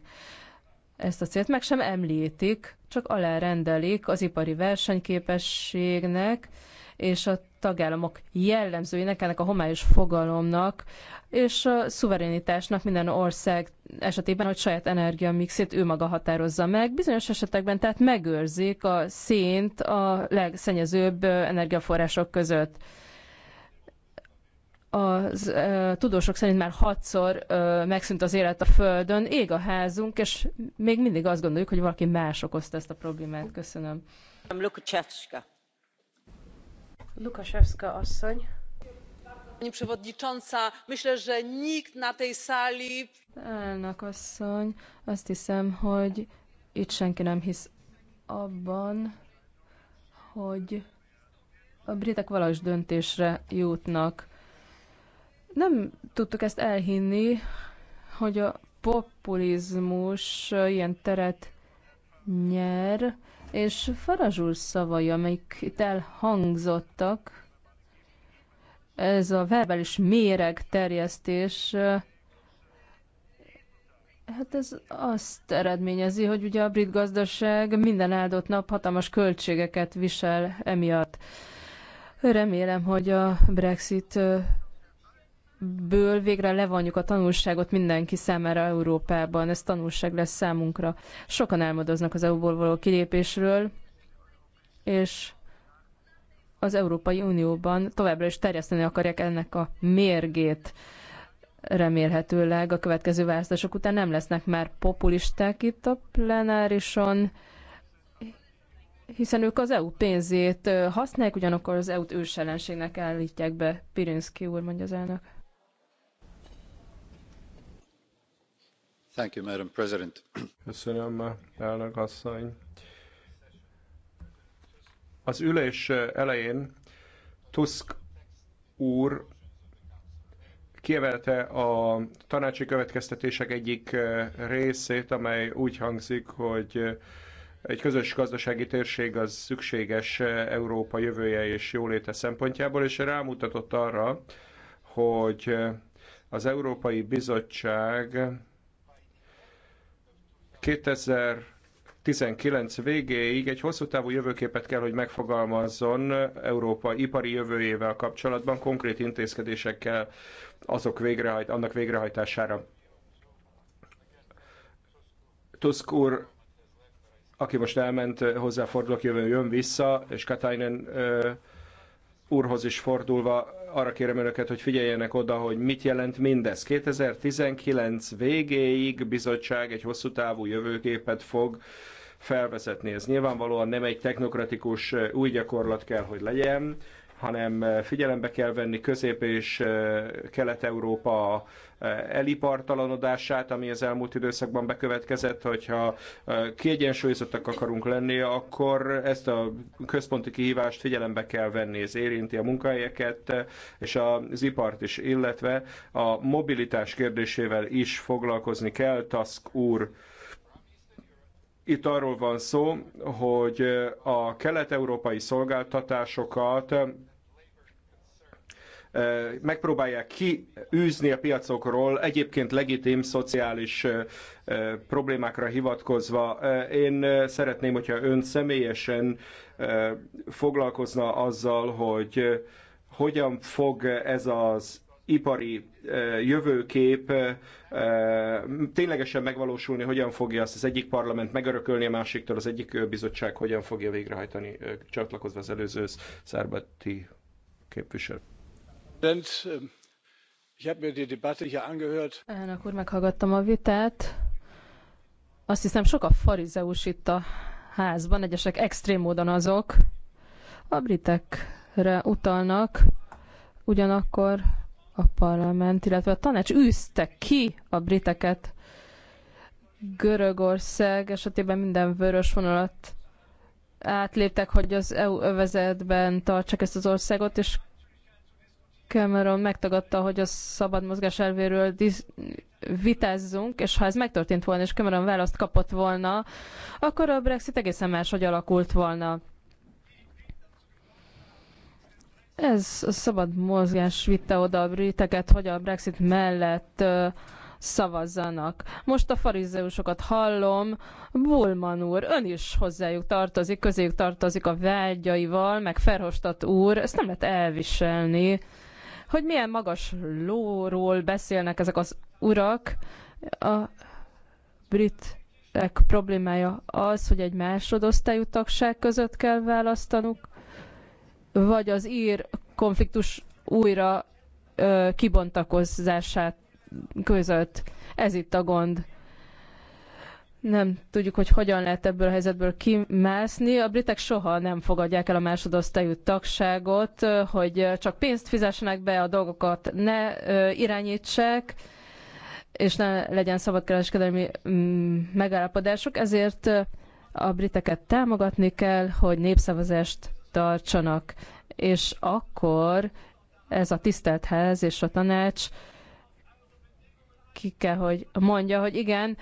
Ezt a célt meg sem említik, csak alárendelik az ipari versenyképességnek és a tagállamok jellemzőinek, ennek a homályos fogalomnak, és a szuverenitásnak minden ország esetében, hogy saját energiamixét ő maga határozza meg. Bizonyos esetekben tehát megőrzik a szint a legszennyezőbb energiaforrások között a e, tudósok szerint már hatszor e, megszűnt az élet a Földön, ég a házunk, és még mindig azt gondoljuk, hogy valaki más okozta ezt a problémát. Köszönöm. Lukacsevska. Pani przewodnicząca, myślę, że nikt na tej sali... Elnök asszony, azt hiszem, hogy itt senki nem hisz abban, hogy a britek valós döntésre jutnak. Nem tudtuk ezt elhinni, hogy a populizmus ilyen teret nyer, és Farazsul szavai, amik itt elhangzottak, ez a verbális méreg terjesztés, eh, hát ez azt eredményezi, hogy ugye a brit gazdaság minden áldott nap hatalmas költségeket visel emiatt. Remélem, hogy a Brexit eh, ből végre levonjuk a tanulságot mindenki számára Európában. Ez tanulság lesz számunkra. Sokan álmodoznak az EU-ból való kilépésről, és az Európai Unióban továbbra is terjeszteni akarják ennek a mérgét. Remélhetőleg a következő választások után nem lesznek már populisták itt a plenárison, hiszen ők az EU pénzét használják, ugyanakkor az EU-t ősellenségnek állítják be. Pirinszki úr, mondja az elnök. Madam President. elnök asszony. Az ülés elején Tusk úr kiemelte a tanácsi következtetések egyik részét, amely úgy hangzik, hogy egy közös gazdasági térség az szükséges Európa jövője és jóléte szempontjából, és rámutatott arra, hogy az Európai Bizottság 2000 19 végéig egy hosszú távú jövőképet kell, hogy megfogalmazzon Európa ipari jövőjével kapcsolatban konkrét intézkedésekkel azok végrehajt, annak végrehajtására. Tusk úr, aki most elment, hozzáfordulok, jövő jön vissza, és Katainen úrhoz is fordulva arra kérem önöket, hogy figyeljenek oda, hogy mit jelent mindez. 2019 végéig bizottság egy hosszú távú jövőképet fog felvezetni. Ez nyilvánvalóan nem egy technokratikus új gyakorlat kell, hogy legyen, hanem eh, figyelembe kell venni Közép- és eh, Kelet-Európa eh, elipartalanodását, ami az elmúlt időszakban bekövetkezett, hogyha kiegyensúlyozottak akarunk lenni, akkor ezt a központi kihívást figyelembe kell venni. Ez érinti a munkahelyeket és az ipart is, illetve a mobilitás kérdésével is foglalkozni kell, Task úr itt arról van szó, hogy a kelet-európai szolgáltatásokat megpróbálják kiűzni a piacokról egyébként legitim szociális problémákra hivatkozva. Én szeretném, hogyha ön személyesen foglalkozna azzal, hogy hogyan fog ez az ipari jövőkép ténylegesen megvalósulni, hogyan fogja azt az egyik parlament megörökölni a másiktól, az egyik bizottság hogyan fogja végrehajtani, csatlakozva az előző szárbati képviselő. Ähm, Elnök úr, meghallgattam a vitát. Azt hiszem, sok a farizeus itt a házban, egyesek extrém módon azok. A britekre utalnak, ugyanakkor a parlament, illetve a tanács űzte ki a briteket. Görögország esetében minden vörös vonalat átléptek, hogy az EU övezetben tartsák ezt az országot, és Cameron megtagadta, hogy a szabad mozgás elvéről vitázzunk, és ha ez megtörtént volna, és Cameron választ kapott volna, akkor a Brexit egészen máshogy alakult volna. Ez a szabad mozgás vitte oda a briteket, hogy a Brexit mellett ö, szavazzanak. Most a farizeusokat hallom, Bulman úr, ön is hozzájuk tartozik, közéjük tartozik a vágyaival, meg Ferhostat úr, ezt nem lehet elviselni hogy milyen magas lóról beszélnek ezek az urak. A britek problémája az, hogy egy másodosztályú tagság között kell választanuk, vagy az ír konfliktus újra ö, kibontakozását között. Ez itt a gond nem tudjuk, hogy hogyan lehet ebből a helyzetből kimászni. A britek soha nem fogadják el a másodosztályú tagságot, hogy csak pénzt fizessenek be, a dolgokat ne irányítsák, és ne legyen szabadkereskedelmi mm, megállapodások. Ezért a briteket támogatni kell, hogy népszavazást tartsanak, és akkor ez a tisztelt ház és a tanács ki kell, hogy mondja, hogy igen,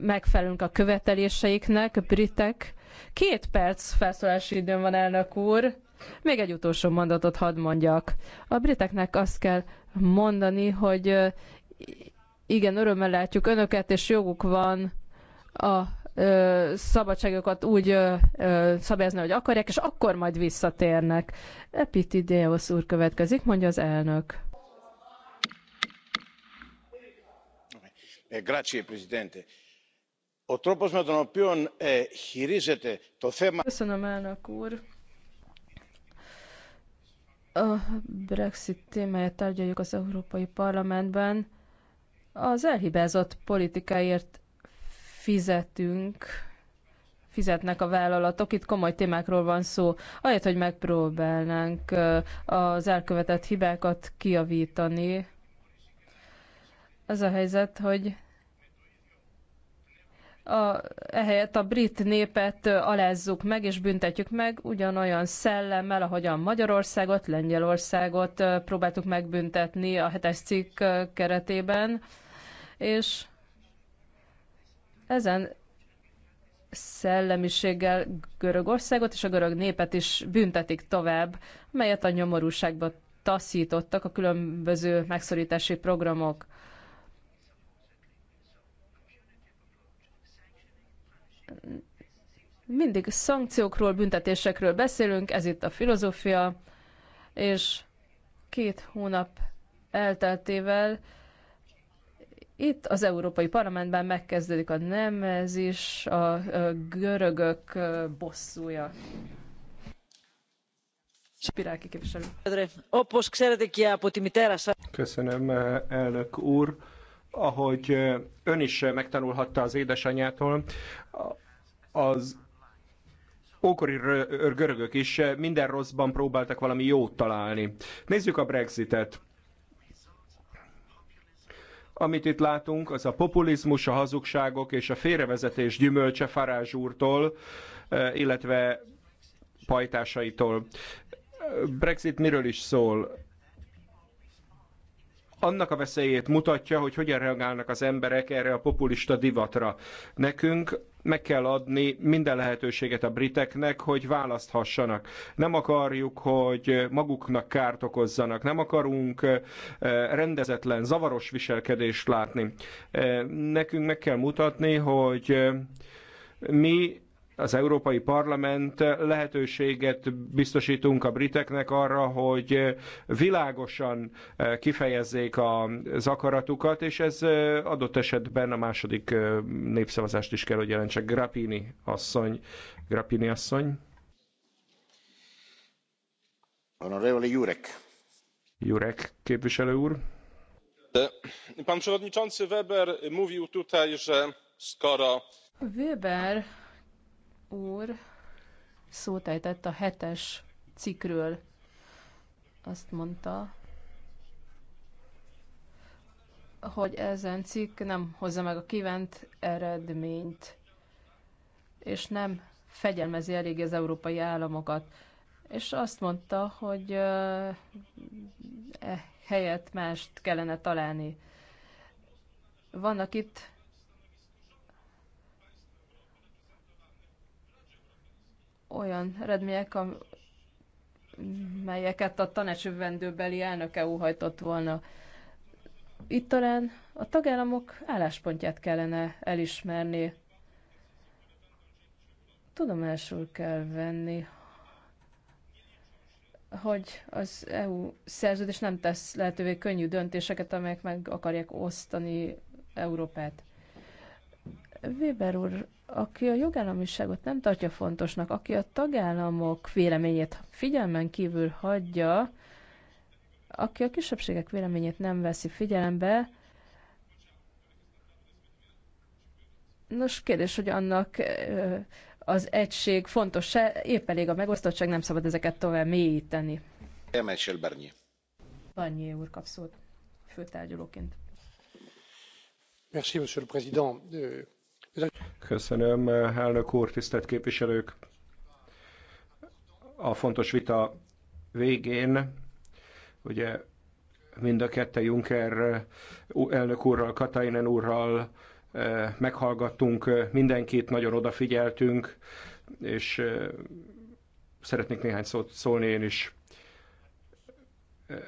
megfelelünk a követeléseiknek, a britek. Két perc felszólási időn van, elnök úr. Még egy utolsó mondatot hadd mondjak. A briteknek azt kell mondani, hogy igen, örömmel látjuk önöket, és joguk van a szabadságokat úgy szabályozni, hogy akarják, és akkor majd visszatérnek. Epitideos úr következik, mondja az elnök. Eh, eh, elnök úr a brexit témáját tárgyaljuk az európai parlamentben. az elhibázott politikáért fizetünk fizetnek a vállalatok. Itt komoly témákról van szó. Ahelyett, hogy megpróbálnánk az elkövetett hibákat kiavítani. Az a helyzet, hogy a, ehelyett a brit népet alázzuk meg és büntetjük meg ugyanolyan szellemmel, ahogyan Magyarországot, Lengyelországot próbáltuk megbüntetni a hetes cikk keretében, és ezen szellemiséggel Görögországot és a görög népet is büntetik tovább, melyet a nyomorúságba taszítottak a különböző megszorítási programok. mindig szankciókról, büntetésekről beszélünk, ez itt a filozófia, és két hónap elteltével itt az Európai Parlamentben megkezdődik a nemezis, a görögök bosszúja. Spiráki képviselő. Köszönöm, eh, elnök úr ahogy ön is megtanulhatta az édesanyjától, az ókori görögök is minden rosszban próbáltak valami jót találni. Nézzük a Brexitet. Amit itt látunk, az a populizmus, a hazugságok és a félrevezetés gyümölcse Farázs úrtól, illetve pajtásaitól. Brexit miről is szól? annak a veszélyét mutatja, hogy hogyan reagálnak az emberek erre a populista divatra. Nekünk meg kell adni minden lehetőséget a briteknek, hogy választhassanak. Nem akarjuk, hogy maguknak kárt okozzanak, nem akarunk eh, rendezetlen, zavaros viselkedést látni. Eh, nekünk meg kell mutatni, hogy eh, mi az Európai Parlament lehetőséget biztosítunk a briteknek arra, hogy világosan eh, kifejezzék az akaratukat, és ez eh, adott esetben a második eh, népszavazást is kell, hogy jelentse. Grappini asszony. Grappini asszony. Honorable Jurek. Jurek képviselő úr. E, Pan przewodniczący Weber mówił tutaj, że skoro Weber úr szót ejtett a hetes cikről, Azt mondta, hogy ezen cikk nem hozza meg a kívánt eredményt, és nem fegyelmezi elég az európai államokat. És azt mondta, hogy e, helyett mást kellene találni. Vannak itt olyan eredmények, amelyeket a tanácsövendőbeli elnöke óhajtott volna. Itt talán a tagállamok álláspontját kellene elismerni. Tudomásul kell venni, hogy az EU szerződés nem tesz lehetővé könnyű döntéseket, amelyek meg akarják osztani Európát. Weber úr, aki a jogállamiságot nem tartja fontosnak, aki a tagállamok véleményét figyelmen kívül hagyja, aki a kisebbségek véleményét nem veszi figyelembe, Nos, kérdés, hogy annak az egység fontos-e? Épp elég a megosztottság, nem szabad ezeket tovább mélyíteni. Emelsel Barnyi. Barnyi úr kap szót, főtárgyalóként. Merci, monsieur le président. Euh, Köszönöm, elnök úr, tisztelt képviselők! A fontos vita végén, ugye mind a kette Juncker elnök úrral, Katainen úrral eh, meghallgattunk mindenkit, nagyon odafigyeltünk, és eh, szeretnék néhány szót szólni én is. Eh,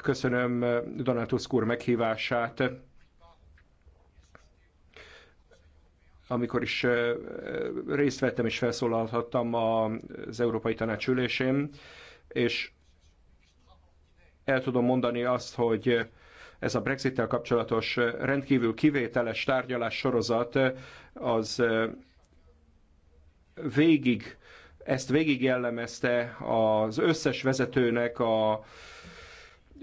köszönöm Donátusz úr meghívását amikor is részt vettem és felszólalhattam az Európai Tanács ülésén, és el tudom mondani azt, hogy ez a Brexit-tel kapcsolatos rendkívül kivételes tárgyalás sorozat az végig, ezt végig jellemezte az összes vezetőnek a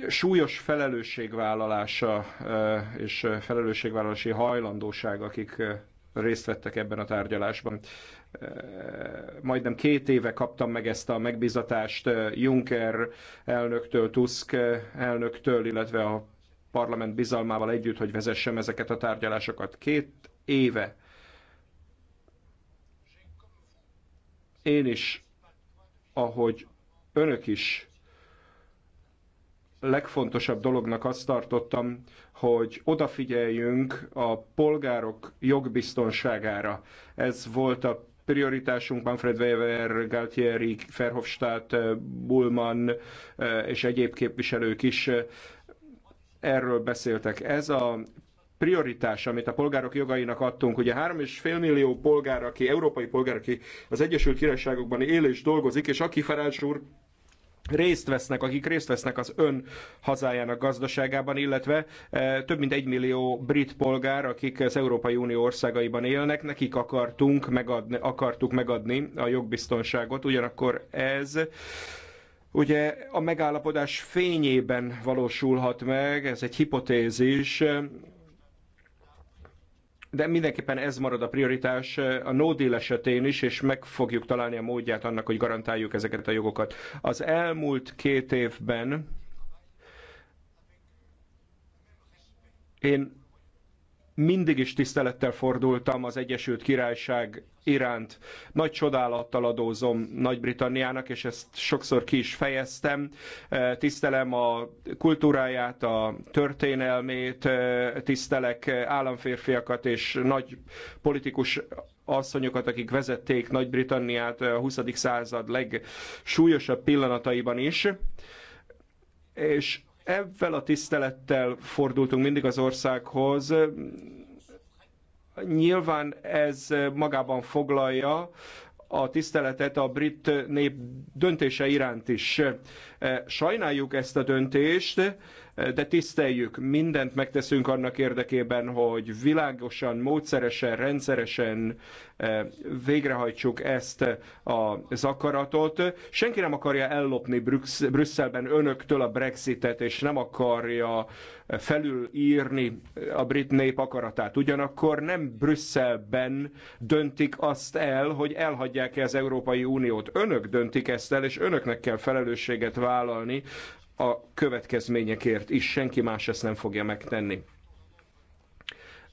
súlyos felelősségvállalása és felelősségvállalási hajlandóság, akik részt vettek ebben a tárgyalásban. Majdnem két éve kaptam meg ezt a megbizatást Juncker elnöktől, Tusk elnöktől, illetve a parlament bizalmával együtt, hogy vezessem ezeket a tárgyalásokat. Két éve én is, ahogy önök is legfontosabb dolognak azt tartottam, hogy odafigyeljünk a polgárok jogbiztonságára. Ez volt a prioritásunk Manfred Weber, Galtieri, Verhofstadt, Bulman eh, és egyéb képviselők is erről beszéltek. Ez a prioritás, amit a polgárok jogainak adtunk. Ugye fél millió polgár, aki európai polgár, aki az Egyesült Királyságokban él és dolgozik, és aki Farage úr részt vesznek, akik részt vesznek az ön hazájának gazdaságában, illetve e, több mint egy millió brit polgár, akik az Európai Unió országaiban élnek, nekik akartunk megadni, akartuk megadni a jogbiztonságot, ugyanakkor ez ugye a megállapodás fényében valósulhat meg, ez egy hipotézis, de mindenképpen ez marad a prioritás eh, a no deal esetén is, és meg fogjuk találni a módját annak, hogy garantáljuk ezeket a jogokat. Az elmúlt két évben én mindig is tisztelettel fordultam az Egyesült Királyság iránt. Nagy csodálattal adózom Nagy-Britanniának, és ezt sokszor ki is fejeztem. E, tisztelem a kultúráját, a történelmét, e, tisztelek államférfiakat és nagy politikus asszonyokat, akik vezették Nagy-Britanniát a 20. század legsúlyosabb pillanataiban is. És Ebben a tisztelettel fordultunk mindig az országhoz. Nyilván ez magában foglalja a tiszteletet a brit nép döntése iránt is. Sajnáljuk ezt a döntést, de tiszteljük, mindent megteszünk annak érdekében, hogy világosan, módszeresen, rendszeresen eh, végrehajtsuk ezt az akaratot. Senki nem akarja ellopni Brüsszelben önöktől a Brexitet, és nem akarja felülírni a brit nép akaratát. Ugyanakkor nem Brüsszelben döntik azt el, hogy elhagyják-e az Európai Uniót. Önök döntik ezt el, és önöknek kell felelősséget vállalni a következményekért is. Senki más ezt nem fogja megtenni.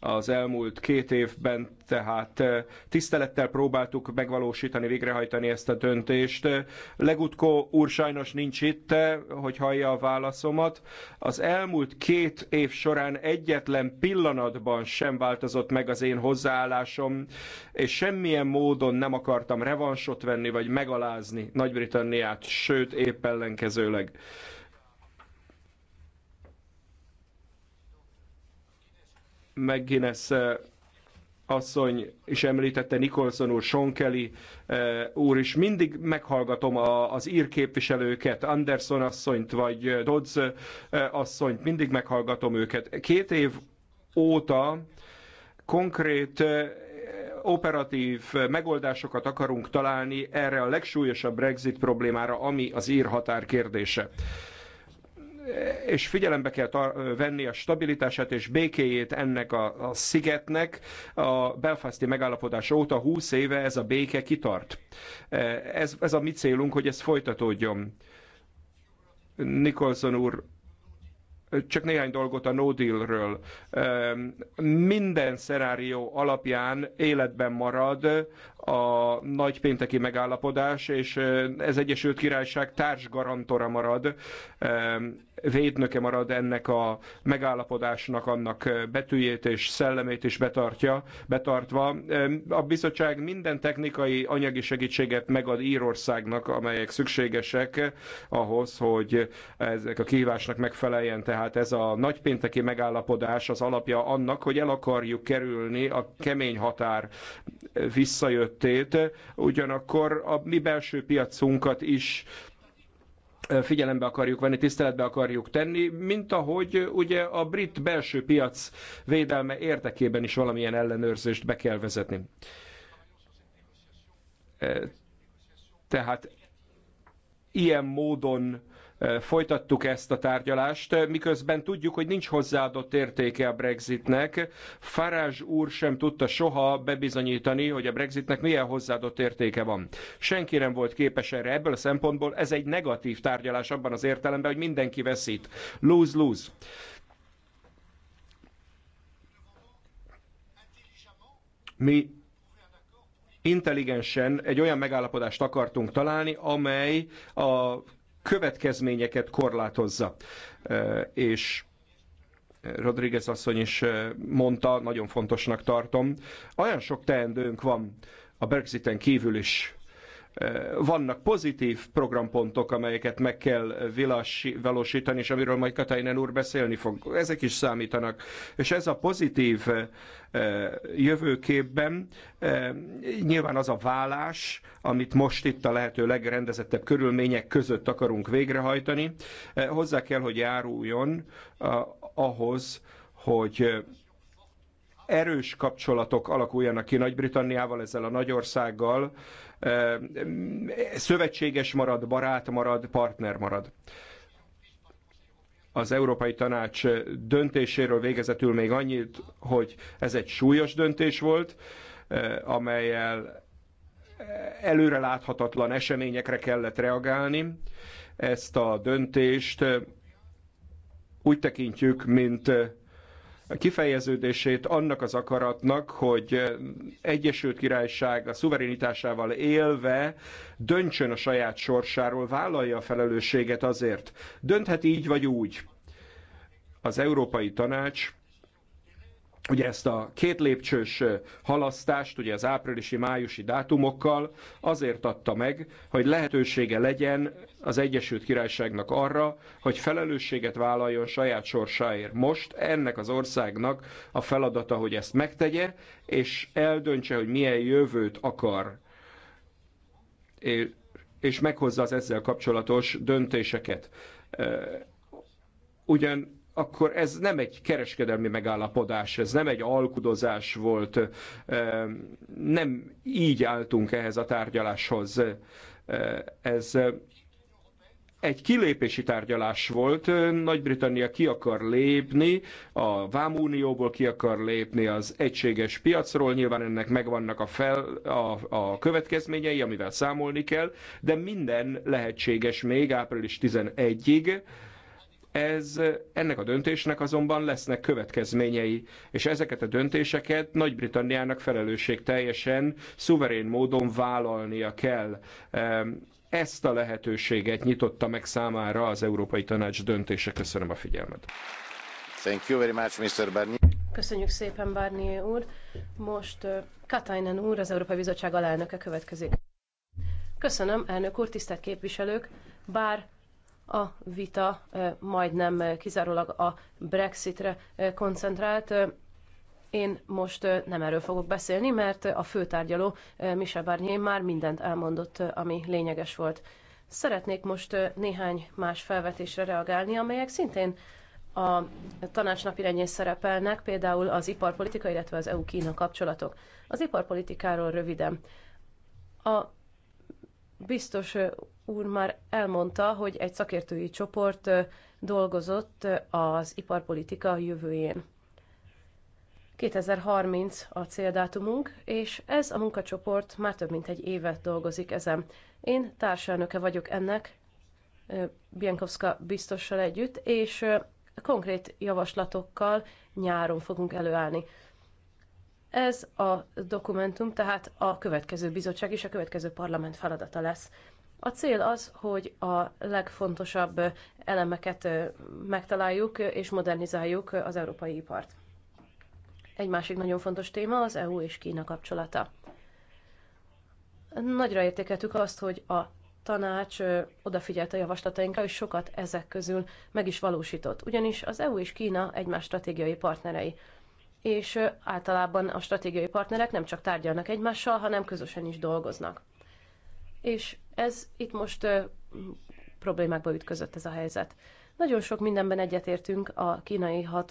Az elmúlt két évben tehát eh, tisztelettel próbáltuk megvalósítani, végrehajtani ezt a döntést. Legutkó úr sajnos nincs itt, eh, hogy hallja a válaszomat. Az elmúlt két év során egyetlen pillanatban sem változott meg az én hozzáállásom, és semmilyen módon nem akartam revansot venni, vagy megalázni Nagy-Britanniát, sőt épp ellenkezőleg McGuinness eh, asszony is említette, Nicholson úr, Sean Kelly eh, úr is. Mindig meghallgatom az ír képviselőket, Anderson asszonyt, vagy eh, Dodds asszonyt, mindig meghallgatom őket. Két év óta konkrét operatív megoldásokat akarunk találni erre a legsúlyosabb Brexit problémára, ami az ír határ kérdése és figyelembe kell venni a stabilitását és békéjét ennek a, a szigetnek. A belfasti megállapodás óta 20 éve ez a béke kitart. Ez, ez a mi célunk, hogy ez folytatódjon. Nicholson úr csak néhány dolgot a no dealről. Minden szerárió alapján életben marad a nagypénteki megállapodás, és ez Egyesült Királyság társgarantora marad, védnöke marad ennek a megállapodásnak, annak betűjét és szellemét is betartja, betartva. A bizottság minden technikai anyagi segítséget megad Írországnak, amelyek szükségesek ahhoz, hogy ezek a kihívásnak megfeleljen, tehát tehát ez a nagypénteki megállapodás az alapja annak, hogy el akarjuk kerülni a kemény határ visszajöttét, ugyanakkor a mi belső piacunkat is figyelembe akarjuk venni, tiszteletbe akarjuk tenni, mint ahogy ugye a brit belső piac védelme érdekében is valamilyen ellenőrzést be kell vezetni. E, tehát ilyen módon Folytattuk ezt a tárgyalást, miközben tudjuk, hogy nincs hozzáadott értéke a Brexitnek. Farage úr sem tudta soha bebizonyítani, hogy a Brexitnek milyen hozzáadott értéke van. Senki nem volt képes erre ebből a szempontból. Ez egy negatív tárgyalás abban az értelemben, hogy mindenki veszít. Lose-lose. Mi intelligensen egy olyan megállapodást akartunk találni, amely a következményeket korlátozza. És Rodriguez asszony is mondta, nagyon fontosnak tartom, olyan sok teendőnk van a Brexiten kívül is, vannak pozitív programpontok, amelyeket meg kell valósítani, és amiről majd Katainen úr beszélni fog. Ezek is számítanak. És ez a pozitív jövőképben nyilván az a vállás, amit most itt a lehető legrendezettebb körülmények között akarunk végrehajtani, hozzá kell, hogy járuljon ahhoz, hogy erős kapcsolatok alakuljanak ki Nagy-Britanniával, ezzel a nagyországgal. Szövetséges marad, barát marad, partner marad az Európai Tanács döntéséről végezetül még annyit, hogy ez egy súlyos döntés volt, amelyel előre láthatatlan eseményekre kellett reagálni. Ezt a döntést úgy tekintjük, mint kifejeződését annak az akaratnak, hogy Egyesült Királyság a szuverenitásával élve döntsön a saját sorsáról, vállalja a felelősséget azért. Dönthet így vagy úgy. Az Európai Tanács ugye ezt a két lépcsős halasztást, ugye az áprilisi-májusi dátumokkal azért adta meg, hogy lehetősége legyen az Egyesült Királyságnak arra, hogy felelősséget vállaljon saját sorsáért. Most ennek az országnak a feladata, hogy ezt megtegye, és eldöntse, hogy milyen jövőt akar. És meghozza az ezzel kapcsolatos döntéseket. Ugyan akkor ez nem egy kereskedelmi megállapodás, ez nem egy alkudozás volt, nem így álltunk ehhez a tárgyaláshoz. Ez egy kilépési tárgyalás volt, Nagy-Britannia ki akar lépni, a Vámunióból ki akar lépni az egységes piacról, nyilván ennek megvannak a, fel, a, a következményei, amivel számolni kell, de minden lehetséges még április 11-ig, ez, ennek a döntésnek azonban lesznek következményei, és ezeket a döntéseket Nagy-Britanniának felelősség teljesen, szuverén módon vállalnia kell. Ezt a lehetőséget nyitotta meg számára az Európai Tanács döntése. Köszönöm a figyelmet. Thank you very much, Mr. Barnier. Köszönjük szépen, Barnier úr. Most Katainen úr, az Európai Bizottság alelnöke következik. Köszönöm, elnök úr, tisztelt képviselők. Bár a vita majdnem kizárólag a Brexitre koncentrált. Én most nem erről fogok beszélni, mert a főtárgyaló Michel Barnier már mindent elmondott, ami lényeges volt. Szeretnék most néhány más felvetésre reagálni, amelyek szintén a tanács napirendjén szerepelnek, például az iparpolitika, illetve az EU-Kína kapcsolatok. Az iparpolitikáról röviden. A biztos úr már elmondta, hogy egy szakértői csoport dolgozott az iparpolitika jövőjén. 2030 a céldátumunk, és ez a munkacsoport már több mint egy évet dolgozik ezen. Én társelnöke vagyok ennek, Biankowska biztossal együtt, és konkrét javaslatokkal nyáron fogunk előállni. Ez a dokumentum tehát a következő bizottság és a következő parlament feladata lesz. A cél az, hogy a legfontosabb elemeket megtaláljuk és modernizáljuk az európai ipart. Egy másik nagyon fontos téma az EU és Kína kapcsolata. Nagyra értékeltük azt, hogy a tanács odafigyelt a javaslatainkra, és sokat ezek közül meg is valósított. Ugyanis az EU és Kína egymás stratégiai partnerei és általában a stratégiai partnerek nem csak tárgyalnak egymással, hanem közösen is dolgoznak. És ez itt most ö, problémákba ütközött ez a helyzet. Nagyon sok mindenben egyetértünk a kínai hat.